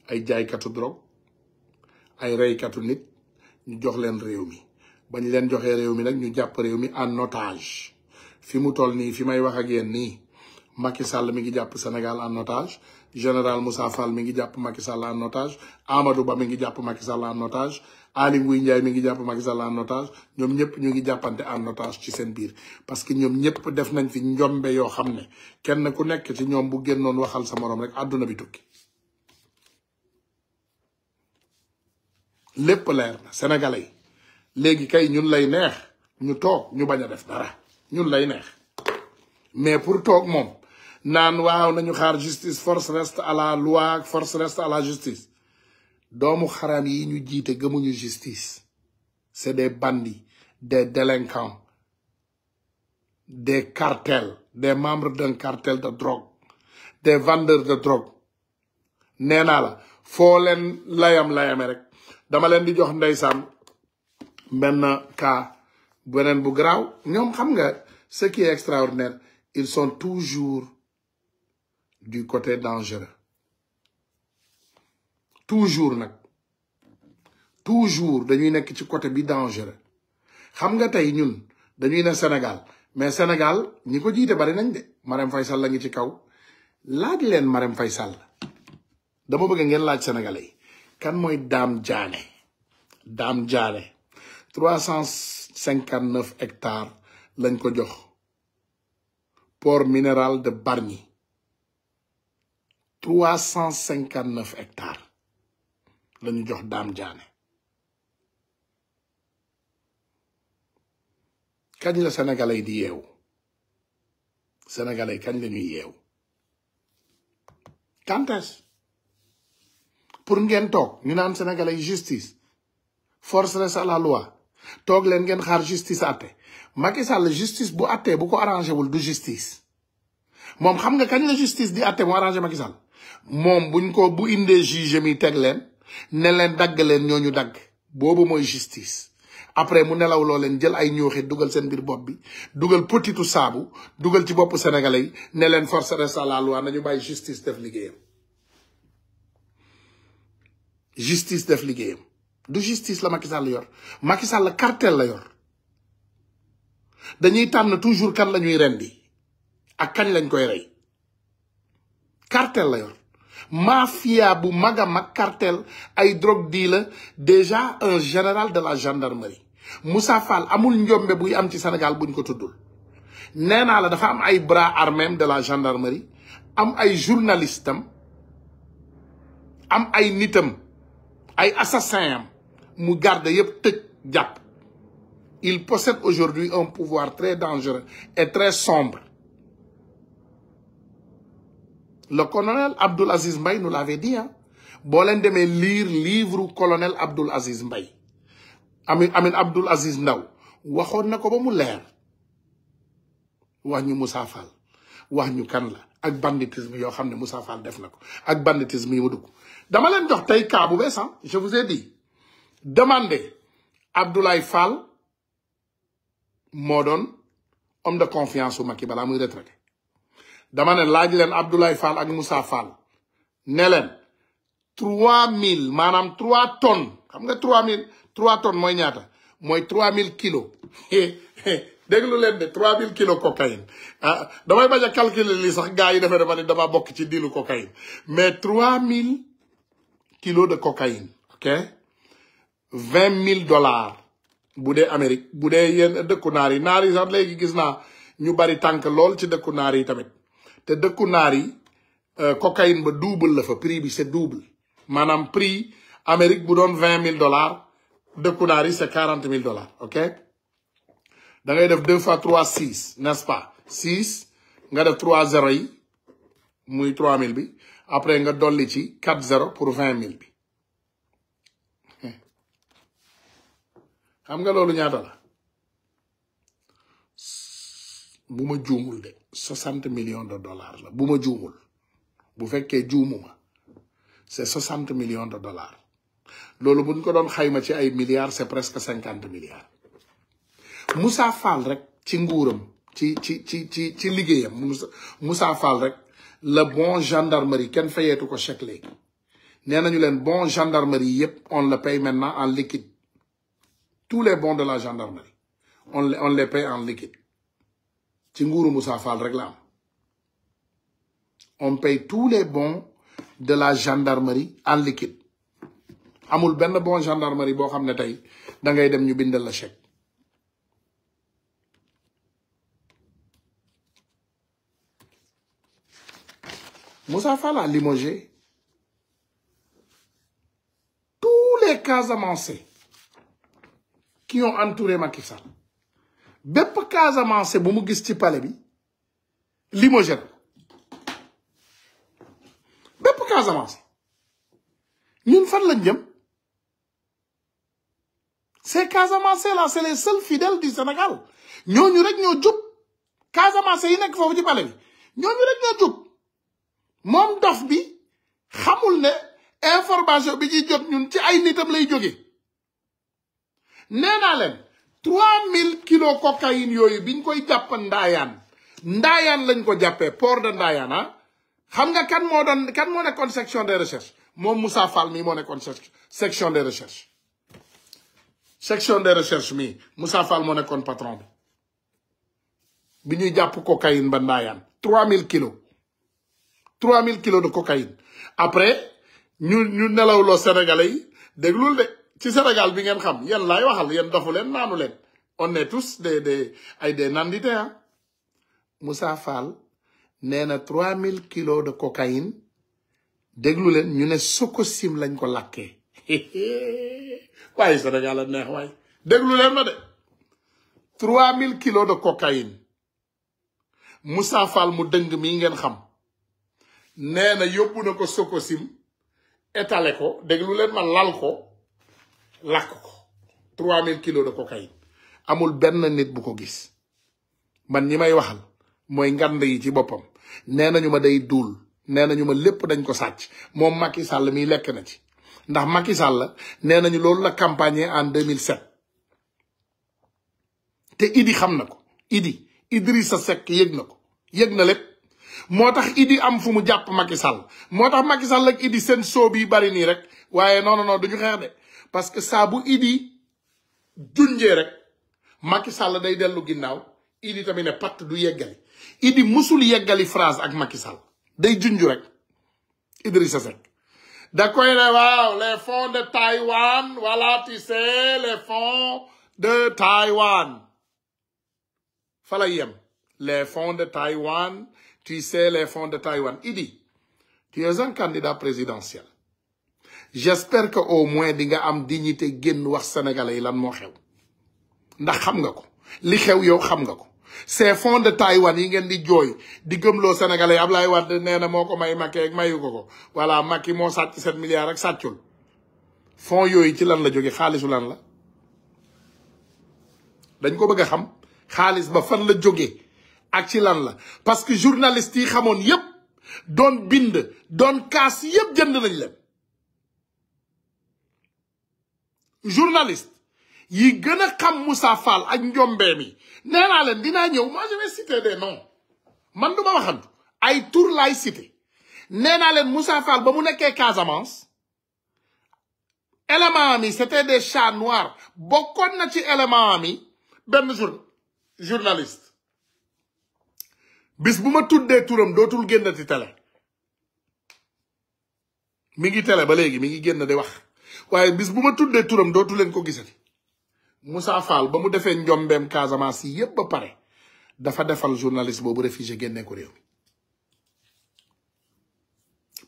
ay jaaykatu drogue ay reykatu nit ñu jox leen réew mi bañ leen joxee réew mi nag ñu jàpp réew mi en otage fi mu toll nii fi may wax ak yéen nii Macky Sall mi ngi jàpp Sénégal en otage général Moussa Fall mi ngi jàpp Macky Sall en otage Amadou Ba mi ngi jàpp Macky Sall en otage Aly mi ngi jàpp Macky Sall en otage ñoom ñëpp ñu ngi jàppante en otage ci seen biir parce que ñoom ñëpp def nañ fi njombe yoo xam ne kenn ku nekk ci ñoom bu génnoon waxal sa moroom rek àdduna bi tukki lépp leer na léegi kay ñun lay neex ñu toog ñu bañ a def dara ñun lay neex mais pour toog moom naan waaw nañu xaar justice force reste à la loi force reste à la justice doomu xaram yi ñu jiite gëmuñu justice c'est des bandi des délinquants des cartels des membres de cartel de drogue des vendeurs de drogue nee naa la foo leen layam layame rek dama leen di jox ndeysaan benn ka beneen bu garaaw ñoom xam nga ce qui est extraordinaire ils sont toujours du côté dangereux toujours nag toujours dañuy nekk ci côté bi dangereux xam nga tey ñun dañuy ne Sénégal mais Sénégal ñi ko jiite bari nañ de Marème Faye Sall la ngi ci kaw laaj leen Marème fay Sall dama bëgg ngeen laaj sénégalais yi kan mooy Dame Diané Dame Diané trois cinquante neuf hectares lañ ko jox port minéral de Bargny trois cent cinquante neuf hectares lañu jox Dame Diané kañ la sénégalais di yeewu sénégalais kañ lañuy yeew yeewu pour ngeen toog ñu naan sénégalais justice force reste à loi toog leen ngeen xaar justice àtte Macky Sall justice bu àttee bu ko arrangé wul du justice moom xam nga kañ la justice di àtte mu arrangé Macky moom buñ ko bu indee juge mi teg leen ne leen dagg leen ñooñu dagg boobu mooy justice après mu nelaw loo leen jël ay ñooxi dugal seen biir bopp bi dugal potitu saabu dugal ci bopp sénégalais yi ne leen force reste à la na ñu bàyyi justice def liggéeyam justice def liggéeyam du justice la Macky Sall yor Macky Sall cartel la yor dañuy tànn toujours kan la ñuy rendi ak kañ lañ koy rey cartel la yor mafia bu mag a mag cartel ay drogue dealer déjà un général de la gendarmerie Moussa Fall amul njombe buy am ci Sénégal buñ ko tuddul nee naa la dafa am ay bras armés de la gendarmerie am ay journalistam am ay nitam ay assassin am mu garde yëpp tëj jàpp il possède aujourd'hui un pouvoir très dangereux et très sombre le colonel Abdoul Aziz Mbaye nous l'avait dit ah boo leen demee lire livre colonel Abdoul Aziz mbay amin amin Abdoul Aziz Ndaw waxoon na ko ba mu leer wax ñu Moussa Fall ñu kan la ak banditisme yoo xam ne Moussa Fall def na ko ak banditisme yi mu dugg dama leen jox tey cas bu bees je vous ai dit demandé Abdoulaye Fall moo doon homme de confiance su Macky balaa muy retraité dama ne laaj leen Abdoulaye Fall ak Moussa Fall ne leen trois mille maanaam trois tonnes xam nga trois mille trois tonnes mooy ñaata mooy trois mille kilos [LAUGHS] déglu leen de trois mille kilos cocaïne ah damay bañ a calculer li sax gars yi defee dama ne dama bokk ci diilu cocaïne mais trois mille kilo de cocaïne ok vingt mille dollars bu dee amerique bu dee yenn dëkku naar yi naar yi sax léegi gis naa ñu bari tànk lool ci dëkku naar yi tamit te dëkku naar yi euh, cocaïne ba double la fa prix bi c'est double maanaam prix Amérique bu doon vingt mille dollars dëkku naar yi c'est quarante mille dollars ok da ngay def deux fois trois six n'est-ce pas six nga def trois zéro yi muy trois mille bi après nga dolli ci quatre zéro pour vingt mille bi xam nga loolu ñaata la bu ma juumul de soixante million de dollars la bu ma juumul bu juumu juumuma c'est soixante million de dollars loolu buñ ko doon xayma ci ay milliards c'est presque cinquante milliards Moussa Fall rek ci nguuram ci ci ci ci ci liggéeyam Moussa Fall rek le bon gendarmerie kenn fayeetu ko chèque léegi nee nañu leen bon gendarmerie yépp on le paye maintenant en liquide tous les bons de la gendarmerie on le on les paie en liquide ci nguuru Moussa Fall rek on paie tous les bons de la gendarmerie en liquide amul benn bon gendarmerie boo xam ne tey da ngay dem ñu bindal la chèque Moussa Fall a tous les Casamançais qui ont entouré Macky Sall bépp Casamance bu mu gis ci pale bi limogé na bépp Casamance ñun fan lañ jëm ces Casamance là c'est les seuls fidèles du Sénégal ñooñu rek ñoo jub Casamance yi nekk foofu ci palais bi ñooñu rek ñoo jub moom dof bi xamul ne information bi ñuy jot ñun ci ay nitam lay jógee. nee naa leen 3000 kilos cocaïne yooyu biñ koy jàpp ndaayaan ndaayaan lañ ko jàppee port de ndaayaan ah xam nga kan moo doon kan moo nekkoon section des recherches moom Moussa Fall mii moo nekkoon section des recherches section des recherches mii Moussa Fall moo nekkoon patron bi bi ñuy jàpp cocaïne ba ndaayaan 3000 kilos 3000 kilos de cocaïne après ñu ñu nelawloo Sénégalais yi déglul de ci Sénégal bi ngeen xam yéen laay waxal yéen dofu leen naanu leen on est tous des des ay des nandité ah Moussa nee na trois mille kilos de cocaïne déglu leen ñu ne Sococim lañ ko làkkee [LAUGHS] waaye Sénégal a neex waay déglu leen na de trois mille kilos de cocaïne Moussa Fall mu dëng mii ngeen xam nee na yóbbu na ko Sococim étalé ko déglu leen ma laal ko làkk ko trois mille kilos de cocaïne amul benn nit bu ko gis man ñi may waxal mooy ngand yi ci boppam nee nañu ma day duul nee nañu ma lépp dañ ko sàcc moom Macky Sall mii lekk na ci ndax makisal la nee nañu loolu la campagne en 2007 te Idi xam na ko Idi Idrissa Seck yëg na ko yëg na lépp moo tax Idi am fu mu jàpp Macky Sall moo tax Macky Sall ak Idi seen soo bi bari nii rek waaye non non non duñu xeex de parce que saa bu Idi junjee rek Macky Sall day dellu ginnaaw Idi tamit ne patt du yeggali Idi musul yeggali phrase ak Macky Sall day junj rek Idrissa Seck da koy ne waaw les fonds de Taïwan voilà tu sais les fonds de Taïwan fa la yem les fonds de Taïwan tu sais les fond de Taïwan Idi tu es un candidat présidentiel j'espère que au moins di nga am di dignité génn wax sénégalais yi lan moo xew ndax xam nga ko li xew yow xam nga ko ces fonds de Taïwan yi ngeen di jooy di gëm gëmloo sénégalais yi Ablaye Wade nee na moo ko may Macky ak mayu ko ko voilà Macky moo sàcc sept milliards ak sàccul fonds yooyu ci lan la jóge xaalisu lan la dañ ko bëgg a xam xaalis ba fan la jóge ak ci lan la parce que journalistes yi xamoon yépp doon bind doon kaas yépp jënd nañ leen journaliste yi gën a xam Moussa Fall ak njombeem yi nee naa leen dinaa ñëw moi je vais citer des man du ma waxantu ay tur laay citer nee naa leen Moussa Fall ba mu nekkee Casamance élément am yi c'était des chats bokkoon na ci élément am benn jour journaliste bis bu ma tuddee turam dootul génnati télé mi ngi tele ba léegi mi ngi génn di wax waaye bis bu ma tuddee turam dootu leen ko gisati Moussa Fall ba mu defee njombeem Casamance yi yépp ba pare dafa defal journaliste boobu réfugié génnee ko réew mi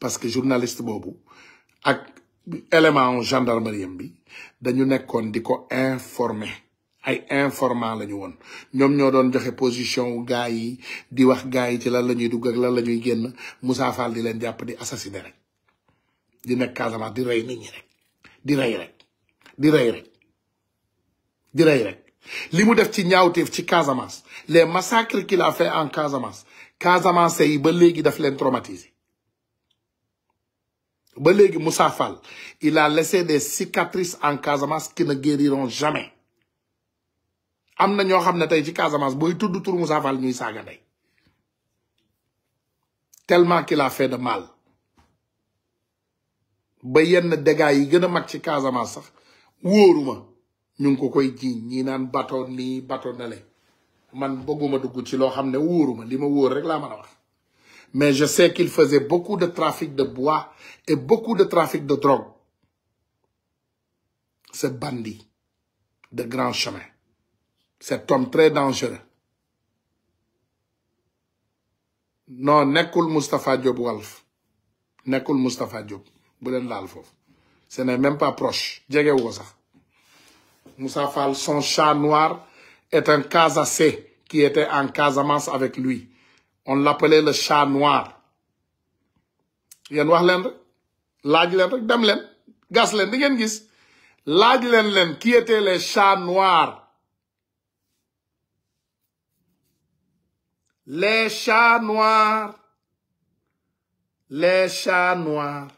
parce que journaliste boobu ak élément gendarmerie bi dañu nekkoon di ko informer ay informant lañu woon ñoom ñoo doon joxe position wu gars yi di wax gars yi ci lan la ñuy dugg ak lan la ñuy génn Moussa Fall di leen jàpp di assassiné rek di nekk Casamance di rey nit rek di rey rek di rey rek di li mu def ci ñaawteef ci Casamance les massacres qu'il a fait en Casamance Casamance yi ba léegi daf leen traumatisé ba léegi Moussa Fall il a laissé des cicatrices en Casamance qui ne guériront jamais am na ñoo xam ne tey ci Casamance booy tudd tur Moussa Fall ñuy saaga ndey tellement qu'il a fait de mal ba yenn dégâts yi gën a mag ci Casamance sax wóoruma ñu ngi ko koy jiiñ ñi naan bato ni bato nale man bëgguma dugg ci loo xam ne wóoruma li ma wóor rek laa ma a wax mais je sais qu'il faisait beaucoup de trafic de bois et beaucoup de trafic de drogue ce bandit de grand chemin cet homme très dangereux no nekkul Moustapha Diop Walf nekkul Moustapha Diop bu leen laal foofu ce n'est même pas proche jegewu ko sax Moussa Fall son chat noir est un Casacé qui était en Casamance avec lui on l'appelait le chat noir yéen wax leen rek laaj leen rek dem leen gas leen di ngeen gis laaj leen leen qui étaient les chats noirs les chats noirs les chats noirs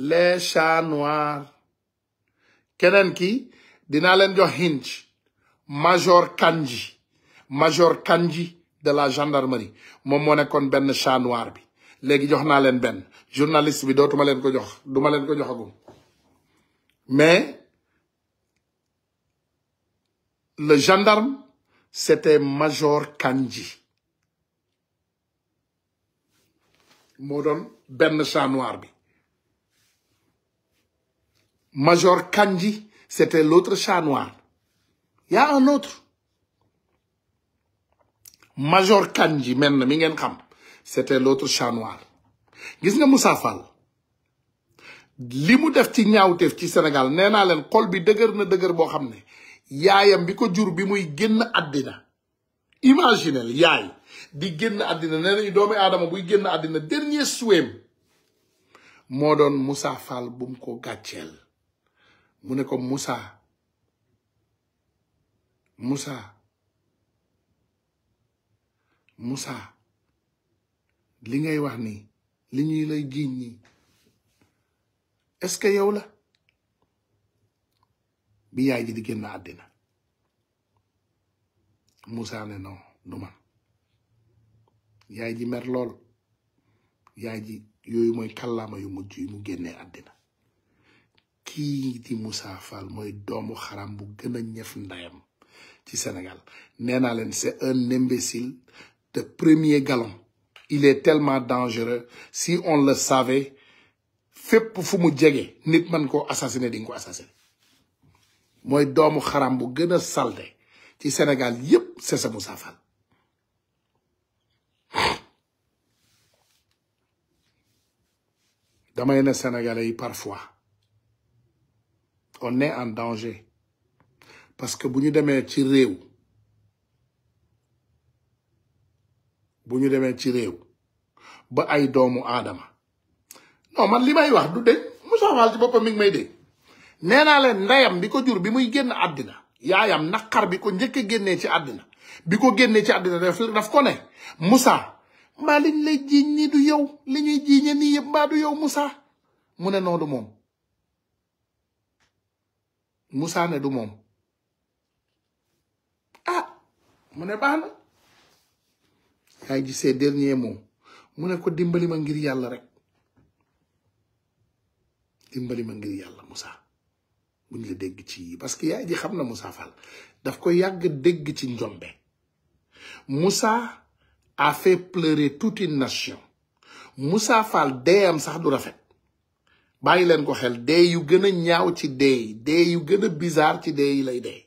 le chats noirs keneen ki dinaa leen jox hint major kanji major Kandji de la gendarmerie moom moo nekkoon benn chat noir bi léegi jox naa leen benn journaliste bi dootuma leen ko jox duma leen ko joxagum mais le gendarme c'était major kanji moo doon benn chat noir bi Major Kandji, c'était l'autre chat noir. Il y a un autre. Major ngeen xam c'était l'autre chat noir. gis nga Moussa Fall li mu def ci ñaawteef ci Sénégal nee naa leen xol bi dëgër na dëgër boo xam ne yaayam bi ko jur bi muy génn àddina imaginel yaay di génn àddina nee nañu doomi aadama buy génn àddina dernier souhait moo doon Moussa Fall bu ko gàcceel mu ne ko Moussa Moussa Moussa li ngay wax ni li ñuy la jiiñ nii est-ce que yow la bi yaay ji di génn àddina Moussa ne non du yaay ji mer lool yaay ji yooyu mooy kàllaama yu mujj yi mu génnee àddina kii di Moussa Fall mooy doomu xaram bu gën a ñëf ndayam ci Sénégal nee naa leen c'est un imbécile de premier galon il est tellement dangereux si on le savait fépp fu mu jege nit man koo assassiner di nga ko assassiner mooy doomu xaram bu gën a salte ci Sénégal yépp c'est sa Moussa Fall damay ne Sénégalais parfois on est en danger parce que bu ñu demee ci réew bu ñu demee ci réew ba ay doomu aadama noo ma li may wax du deñ Moussa Fall ci boppam mi ngi may dégg nee naa leen ndeyam bi ko jur bi muy génn àddina yaayam naqar bi ko njëkk a génnee ci àddina bi ko génnee ci àddina daf daf ko ne Moussa mbaa liñ jiiñ nii du yow li ñuy jiiñe nii yëpp mbaa du yow Moussa mu ne noonu moom mussa ne du moom ah mu ne baax na yaay ji ses derniers mots mu ne ko dimbali ma ngir yàlla rek dimbali ma ngir yàlla mussa buñ la dégg ci yii parce que yaay ji xam na Moussa Fall daf ko yàgg dégg ci njombe Moussa a fait pleurer toute une nation Moussa Fall deyam sax du rafet bàyyi leen ko xel dee yu gën a ñaaw ci dee yi dee yu gën a bizarre ci dee lay dee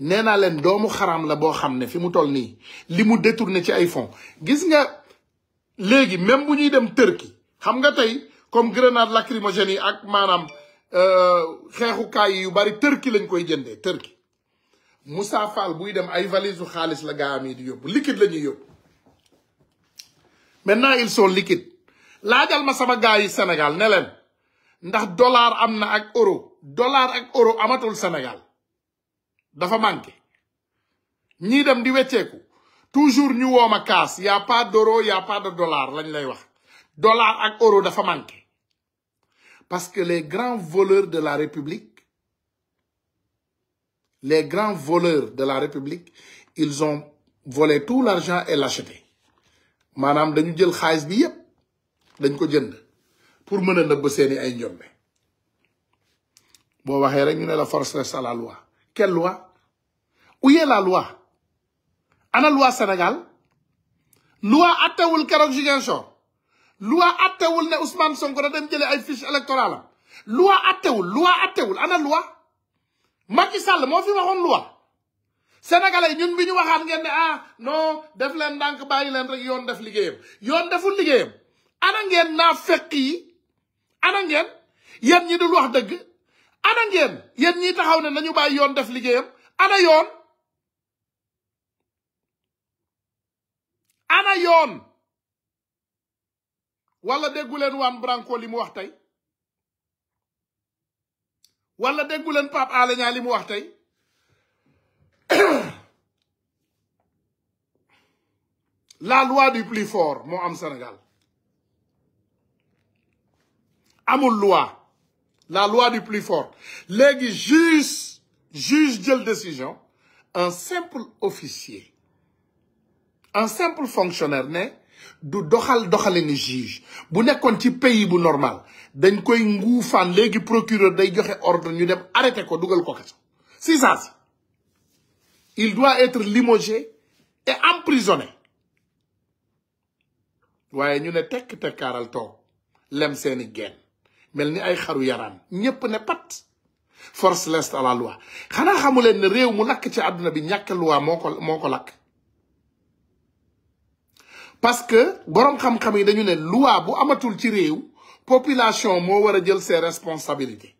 nee naa leen doomu xaraam la boo xam ne fi mu toll nii li mu ne ci ay fonds gis nga léegi même bu ñuy dem Turquie xam nga tey comme grenade lacrymogène yi ak maanaam euh, xeexukaay yu bari Turquie lañ koy jëndee Turquie Moussa Fall muy dem ay valise u xaalis la gaa am yi di yóbbu liquide la ñuy yóbbu maintenant ils sont liquides laajal ma sama gars yi Sénégal ne leen ndax dollar am na ak euro dollar ak euro amatul Sénégal dafa manqué ñii dem di wecceeku toujours ñu wooma kaas y a pas d'euro y pas de dollar lañ lay wax dollar ak euro dafa manqué parce que les grands voleurs de la République les grands voleurs de la République ils ont volé tout l'argent et l'acheté maanaam dañu jël xaalis bi yépp dañ ko jënd pour mën a nëbb seeni ay njombe boo waxee rek ñu ne la force reste à la loi quelle loi où est la loi ana loi Sénégal loi attewul keroog Ziguinchor loi attewul ne Ousmane Sonko da dem jëlee ay fiche électorale am loi attewul loi attewul ana loi Macky Sall moo fi waxoon loi sénégalais yi ñun bi ñu ngeen ne ah non def leen ndànk bàyyi leen rek yoon def liggéeyam yoon deful liggéeyam ana ngeen naa fekk yi ana ngeen yéen ñi dul wax dëgg ana ngeen yéen ñi taxaw ne nañu bàyyi yoon def liggéeyam ana yoon ana yoon wala déggu leen Juan Branco li wax tey wala déggu leen Pape Alé wax tey [COUGHS] la loi du plus fort moo am Sénégal amul loi la loi du plus fort léegi juge juge jël décision un simple officier un simple fonctionnaire ne du doxal doxale juge bu nekkoon ci pays bu normal dañ koy nguufaan léegi procureur day joxe ordre ñu dem arrêté ko dugal ko kaso si saa si il doit être limogé et emprisonné waaye ñu ne tekk tekkaaral toog lem seeni genn mel ni ay xaru yaraan ñépp ne pat force reste à la loi xanaa xamu leen ne réew mu lakk ci àdduna bi ñàkk loi moo ko moo ko lakk parce que boroom xam-xam yi dañu ne loi bu amatul ci réew population moo war a jël see responsabilités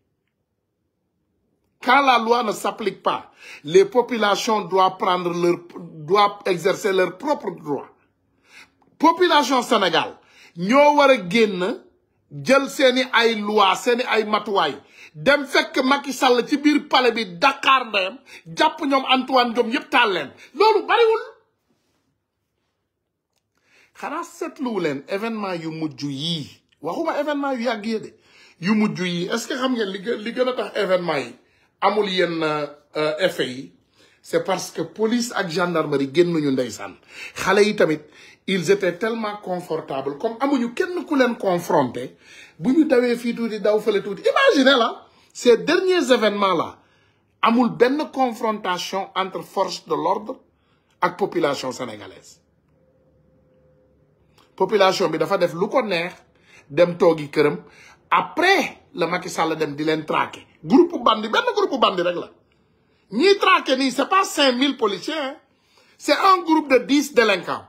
quand la loi ne s'applique pas les population doivent prendre leur doivent exercer leur propre droit population Sénégal ñoo war a génn jël seeni ay loi seeni ay matuwaay dem fekk Macky Sall ci biir pale bi Dakar ndeyam jàpp ñoom Antoine Diome yëpp taal leen loolu bariwul xanaa seetluwu leen événement yu mujj yii waxuma événement yu yàgg yi de yu mujj yii est-ce que xam ngeen li gën li gën a tax événement yi amul yenn euh, effet yi c'est parce que police ak gendarmerie génnuñu ndeysaan xale yi tamit ils étaient tellement confortables comme amuñu kenn ku leen confronté bu ñu dawee fii tuuti daw fële tuuti imaginez là ces derniers événements là amul benn confrontation entre force de l'ordre ak population sénégalaise population bi dafa def lu ko neex dem toogi këram après la Macky Sall dem di leen traqué groupe bandi benn groupe bandi rek la ñiy traqué ni c'est pas cinq mille policiers c'est un groupe de dix délinquants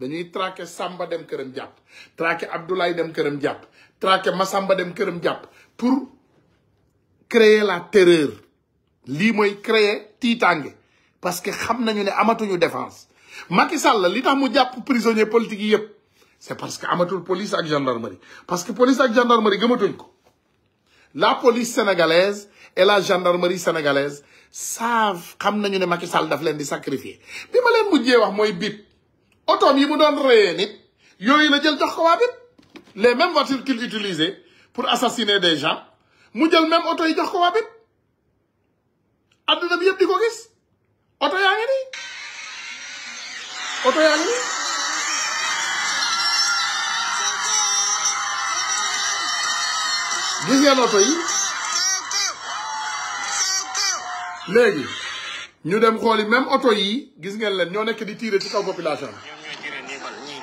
dañuy traqué Samba dem këram jàpp traqué Abdoulaye dem këram jàpp traqué Masamba dem këram jàpp pour créer la terreur lii mooy créer tiitaange parce que xam nañu ne amatuñu défense Macky Sall li tax mu jàpp prisonnier politique yi yëpp c'est parce que amatul police ak gendarmerie parce que police ak gendarmerie gëmatuñ ko la police sénégalaise et la gendarmerie sénégalaise savent xam nañu ne Macky Sall daf leen di sacrifier bi ma leen mujjee wax mooy bit otoom yi mu doon reyee nit yooyu la jël jox ko waabit les mêmes voitures qu'il utilisait pour assassiner des gens mu jël même oto yi jox ko waabit adduna bi yëpp di ko gis oto yaa ngi nii gis ngeen oto yi léegi ñu dem xooli même oto yi gis ngeen leen ñoo nekk di tirer ci kaw population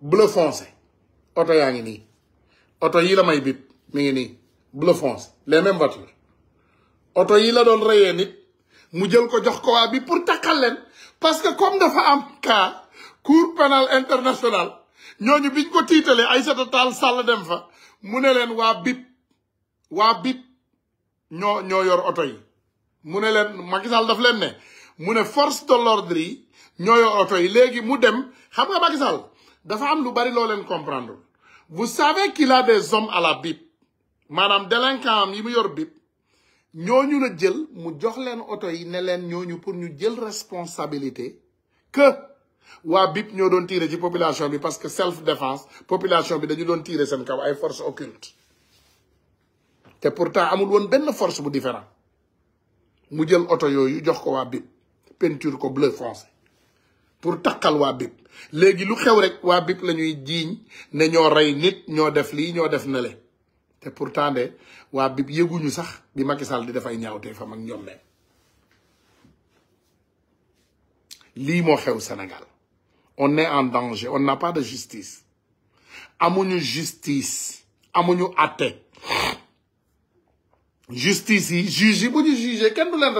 bleu fonce oto yaa ngi nii oto yii la may bip mi ngi nii bleu fonce les mêmes voitures oto yi la doon reyee nit mu jël ko jox ko waa bi pour takkal leen parce que comme dafa am ka cour pénal international ñooñu biñ ko tiitale Aïssata Tall Sall dem fa mu ne leen waa bip waa bip ñoo ñoo yor oto yi mu ne leen Macky daf leen ne mu ne force de l'ordre yi ñoo yor yi léegi mu dem xam nga Macky Sall dafa am lu bari loo leen comprendre vous savez qu'il des hommes à la bip maanaam délinquant am yi mu yor bip ñooñu la jël mu jox leen oto yi ne leen ñooñu pour ñu jël responsabilité que waa bip ñoo doon tiire ci population bi parce que self défense population bi dañu doon tirer seen kaw ay force occulte te pourtant amul woon benn force bu différent mu jël oto yooyu jox ko waa bip peinture ko bleu foncé pour takkal waa bip léegi lu xew rek waa BIP lañuy jiiñ ne ñoo rey nit ñoo def lii ñoo def na le te pourtant de waa BIP yëguñu sax bi Macky Sall di dafay ñaawtee fam ak ñoom ne lii moo xew Sénégal on est en danger on n'a de justice amuñu justice amuñu àtte justice yi juge yi bu ñu jugee kenn du leen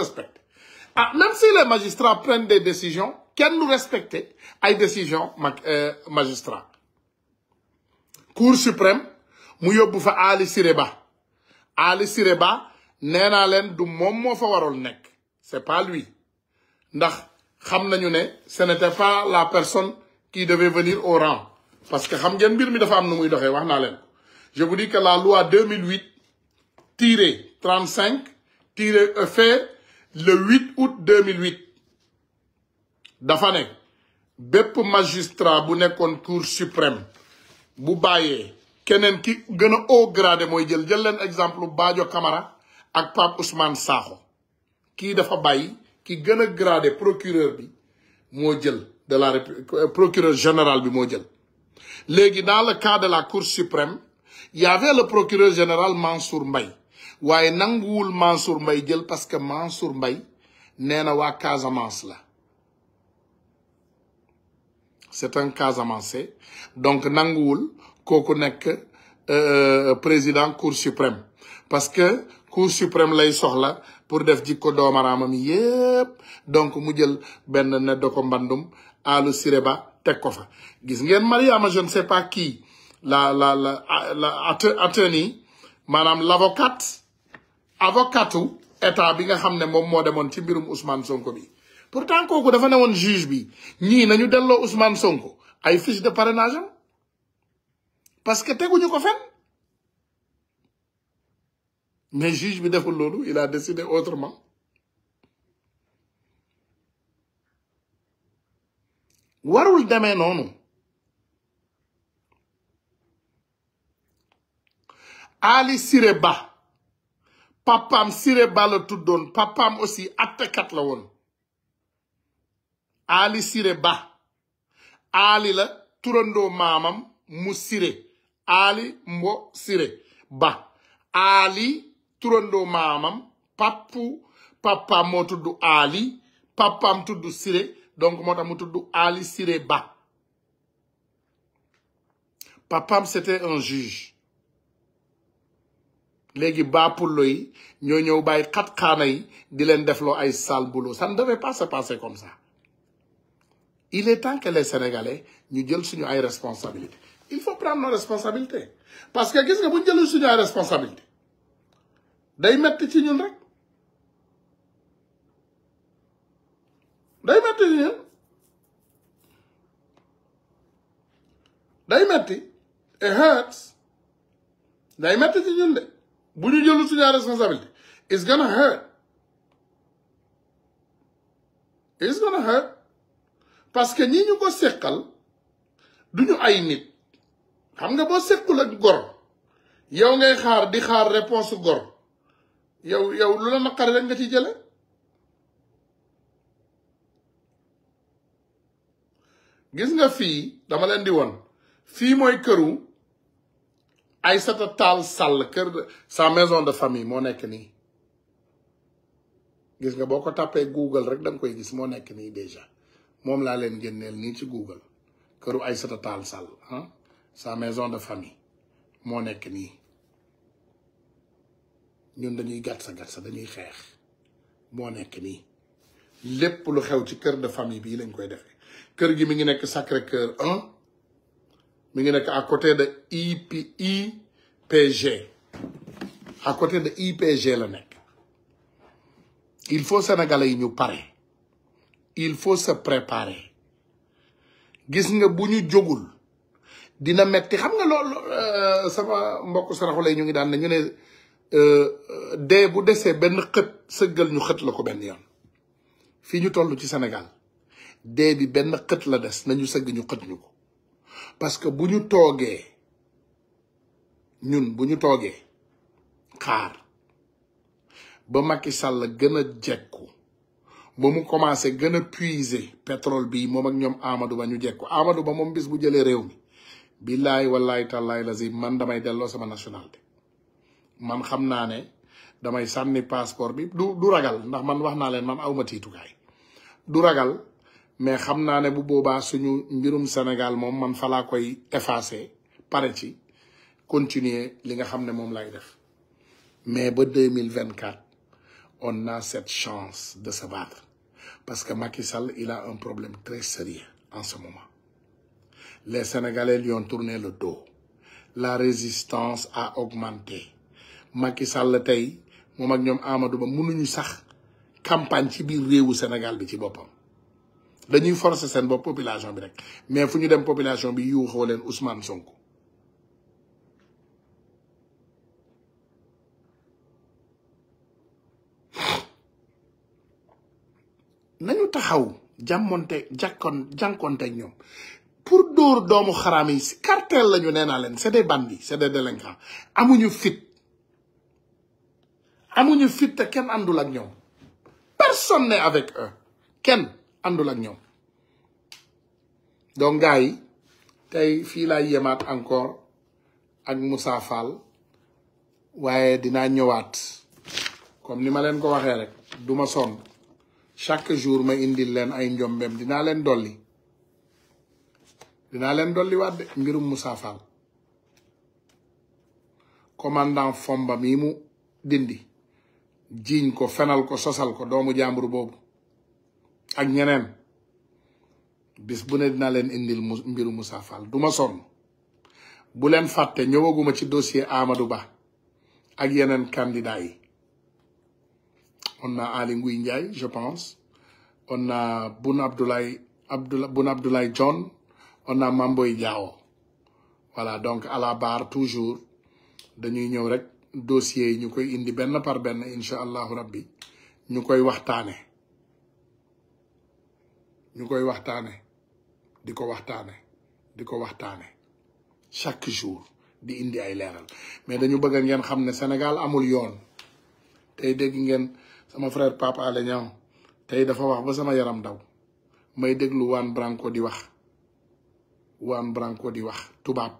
ah, les magistrats prennent des décisions kenn du respecté ay décision euh, magistrat cour suprême mu yóbbu fa Ali Siré Ba Ali Siré Ba nee naa leen du moom moo fa waroon nekk c'est pas lui ndax xam nañu ne ce n'était pas la personne qui devait venir au rang parce que xam ngeen mbir mi dafa am nu muy doxee wax naa leen je vous dis que la loi 2008 tiré 35 tiré euh, fait le 8 août 2008 dafa ne bépp magistrat bu nekkoon cour suprême bu bàyyee keneen ki gën a haut gradé mooy jël jël leen exemple baajo Camara ak Pape Ousmane Sakho kii dafa bàyyi ki gën a gradé procureur bi moo jël de la République euh, procureur général bi moo jël léegi dans le cas de la cour suprême y avait la procureur général Mansour mbay waaye nanguwul Mansour mbay jël parce que Mansour mbay nee na waa Casamance la c'est un Casamançais donc nanguwul kooku nekk euh, euh, président cour suprême parce que cour suprême lay soxla pour def jikko doomaraamam yépp donc mu jël benn ne da ko mbandum Alou Siré Ba teg ko fa gis ngeen Mariama je ne sais pas qui la la la attorney maanaam l'avocate avocatu état bi nga xam ne moom moo demoon ci mbirum Ousmane Sonko bi pourtant kooku dafa woon juge bi ñii nañu delloo Ousmane Sonko ay fiche de parrainage parce que teguñu ko fenn mais juge bi deful loolu il a décidé autrement warul demee noonu Ali Siré Ba papaam Siré Ba la tuddoon papaam aussi attekat la woon Ali Siré Ba Ali la turandoo maamam mu Siré Ali Mbo Siré Ba Ali turandoo maamam pappu pappam moo tudd Ali pappam tudd Siré donc moo mu tudd Ali Siré Ba papam c'était un juge léegi bapullo yi ñoo ñëw bàyyi xat xaana yi di leen defloo ay sale boulot ça ne devait pas se comme ça il est temps que les sénégalais ñu jël suñu ay responsabilités il faut prendre nos responsabilités parce que gis nga bu ñu jëlul suñu ay responsabilités day metti ci ñun rek day metti ci ñun day metti it hurts day metti ci ñun de bu ñu jëlul suñu ay responsabilités it's gonna gonna hurt. parce que ñi ñu ko seqal duñu ay nit xam nga boo sequl gor yow ngay xaar di xaar réponse gor yow yow lu la naqari rek nga ci jële gis nga fii dama leen di won fii mooy këru Aïssata Tall Sall kër sa maison de famille moo nekk nii gis nga boo ko tàppee Google rek da koy gis moo nekk nii déjà moom laa leen génneel nii ci Google këru Aïssata Tall Sall ah sa maison de famille moo nekk nii ñun dañuy gàtt sa dañuy xeex moo nekk nii lépp lu xew ci kër de famille bii lañ koy defee kër gi mi ngi nekk Sacré-Cœur 1 mi ngi nekk à côté de IP IPG à côté de IPG la nekk il faut sénégalais yi ñu pare il faut sa préparer gis nga bu ñu jógul dina metti xam nga loolu euh, sama mbokk saraxu yi ñu ngi daan ne ñu ne euh, dee bu desee benn xët sëggal ñu xët la ko benn yoon fii ñu toll ci senegal dee bi benn xët la des nañu sëgg ñu xët ñu ko parce que bu ñu toogee ñun bu ñu toogee xaar ba mag Macky Sall gën a jekku ba mu commencé gën a puiser pétrole bi moom ak ñoom Amadou Ba ñu jekku Amadou Ba moom bis bu jëlee réew mi billaay wallaay tallaay lazim man damay delloo sama nationalité man xam naa ne damay sànni passeport bi du du ragal ndax man wax naa leen man awma tiitukaay du ragal mais xam naa ne bu boobaa suñu mbirum Sénégal moom man falaa koy effacer pare ci continuer li nga xam ne moom lay def mais ba deux mille vingt-quatre on a cette chance de se Parce que Macky Sall, il a un problème très sérieux en ce moment. Les Sénégalais lui ont tourné le dos. La résistance a augmenté. Macky Sall tey moom ak ñoom Amadou Ba mënuñu sax campagne ci biir réewu Sénégal bi ci boppam dañuy force seen bopp population bi rek mais fu ñu dem population bi yuuxoo leen Ousmane Sonko nañu taxaw jàmmonte jàkkoon ñoom pour dóor doomu xaraam yi lañu cartel nee naa leen c'est des bandits c'est des délinquants amuñu fit amuñu fit te kenn àndul ak ñoom personne n'est avec eux kenn àndul ak ñoom donc gars tey fii laa yemaat encore ak Moussa Fall waaye dinaa ñëwaat comme ni ma leen ko waxee rek duma sonn chaque jour ma indil leen ay njombeem dinaa leen dolli dinaa leen dolli waat de mbirum Moussa commandant Fomba mii mu dindi jiiñ ko fenal ko sosal ko doomu jàmbur boobu ak ñeneen bis bu ne dinaa leen indil mbiru Moussa Fall du bu leen fàtte ñëwaguma ci dossier Amadou Ba ak yeneen candidat yi On a Ali Ndiaye, je pense. On a Boun Abdoulaye, Abdoula, Boun Abdoulaye John. On a Mamboy Diao. Voilà, donc à la barre, toujours. dañuy ñëw rek dossiers yi ñu koy indi benn par benn incha allahu rabbi ñu koy waxtaane ñu koy waxtaane di ko waxtaane di ko waxtaane chaque jour di indi ay leeral mais dañu bëgg ngeen xam ne Sénégal amul yoon tey dégg ngeen ama frère Pape Alé Niang tey dafa wax ba sama yaram daw may déglu Juan Branco di wax Juan Branco di wax tubaab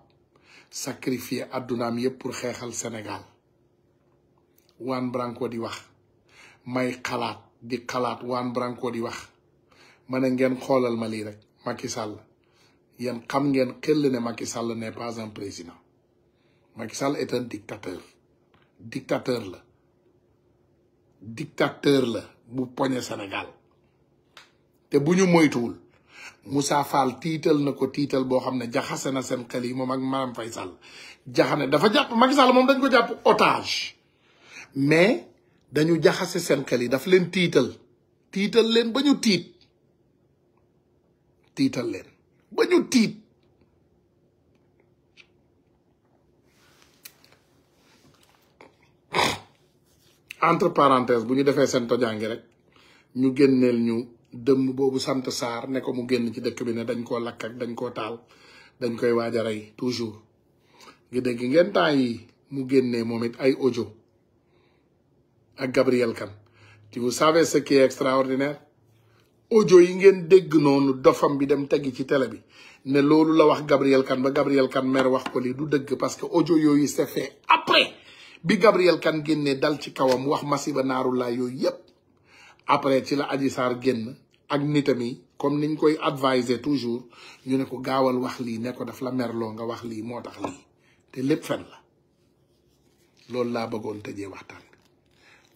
sacrifier àddunaam yépp pour xeexal Sénégal Juan Branco di wax may xalaat di xalaat waan Branco di wax ma ne ngeen xoolal ma lii rek Macky Sall yéen xam ngeen xel ne Macky Sall n'est pas un président Macky Sall est dictateur dictateur la dictateur la bu poñe Sénégal te bu ñu moytuwul Moussa Fall tiital na ko tiital boo xam ne jaxase na seen xel yi moom ak Marème fay Sall jaxane dafa jàpp Macky Sall moom dañ ko jàpp otage mais dañu jaxase seen xel yi daf leen tiital tiital leen ba ñu tiit tiital leen ba ñu tiit entre parenthèse bu ñu defee seen tojaangi rek ñu génneel ñu dëmm boobu sant Saar ne ko mu génn ci dëkk bi ne dañ koo lakk dañ koo taal dañ koy waaj rey toujours dégg ngeen temps yi mu génnee moom it ay ojo ak Gabriel kan tu vous savez ce qui est extraordinaire audio yi ngeen dégg noonu dofam bi dem teggi ci tele bi ne loolu la wax Gabriel kan ba Gabriel Kane mer wax ko lii du dëgg parce que audio yooyu c'est fait après bi Gabriel kan génnee dal ci kawam wax masiba naaru laa yooyu yépp après ci la Adji Sarr génn ak nitam yi comme niñ koy adviser toujours ñu ne ko gaawal wax lii ne ko daf la merloo nga wax lii moo tax lii te lépp fen la loolu laa bëggoon tëjee waxtaan bi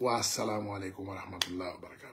waa salaamualeykum wa rahmatullah wa barakatu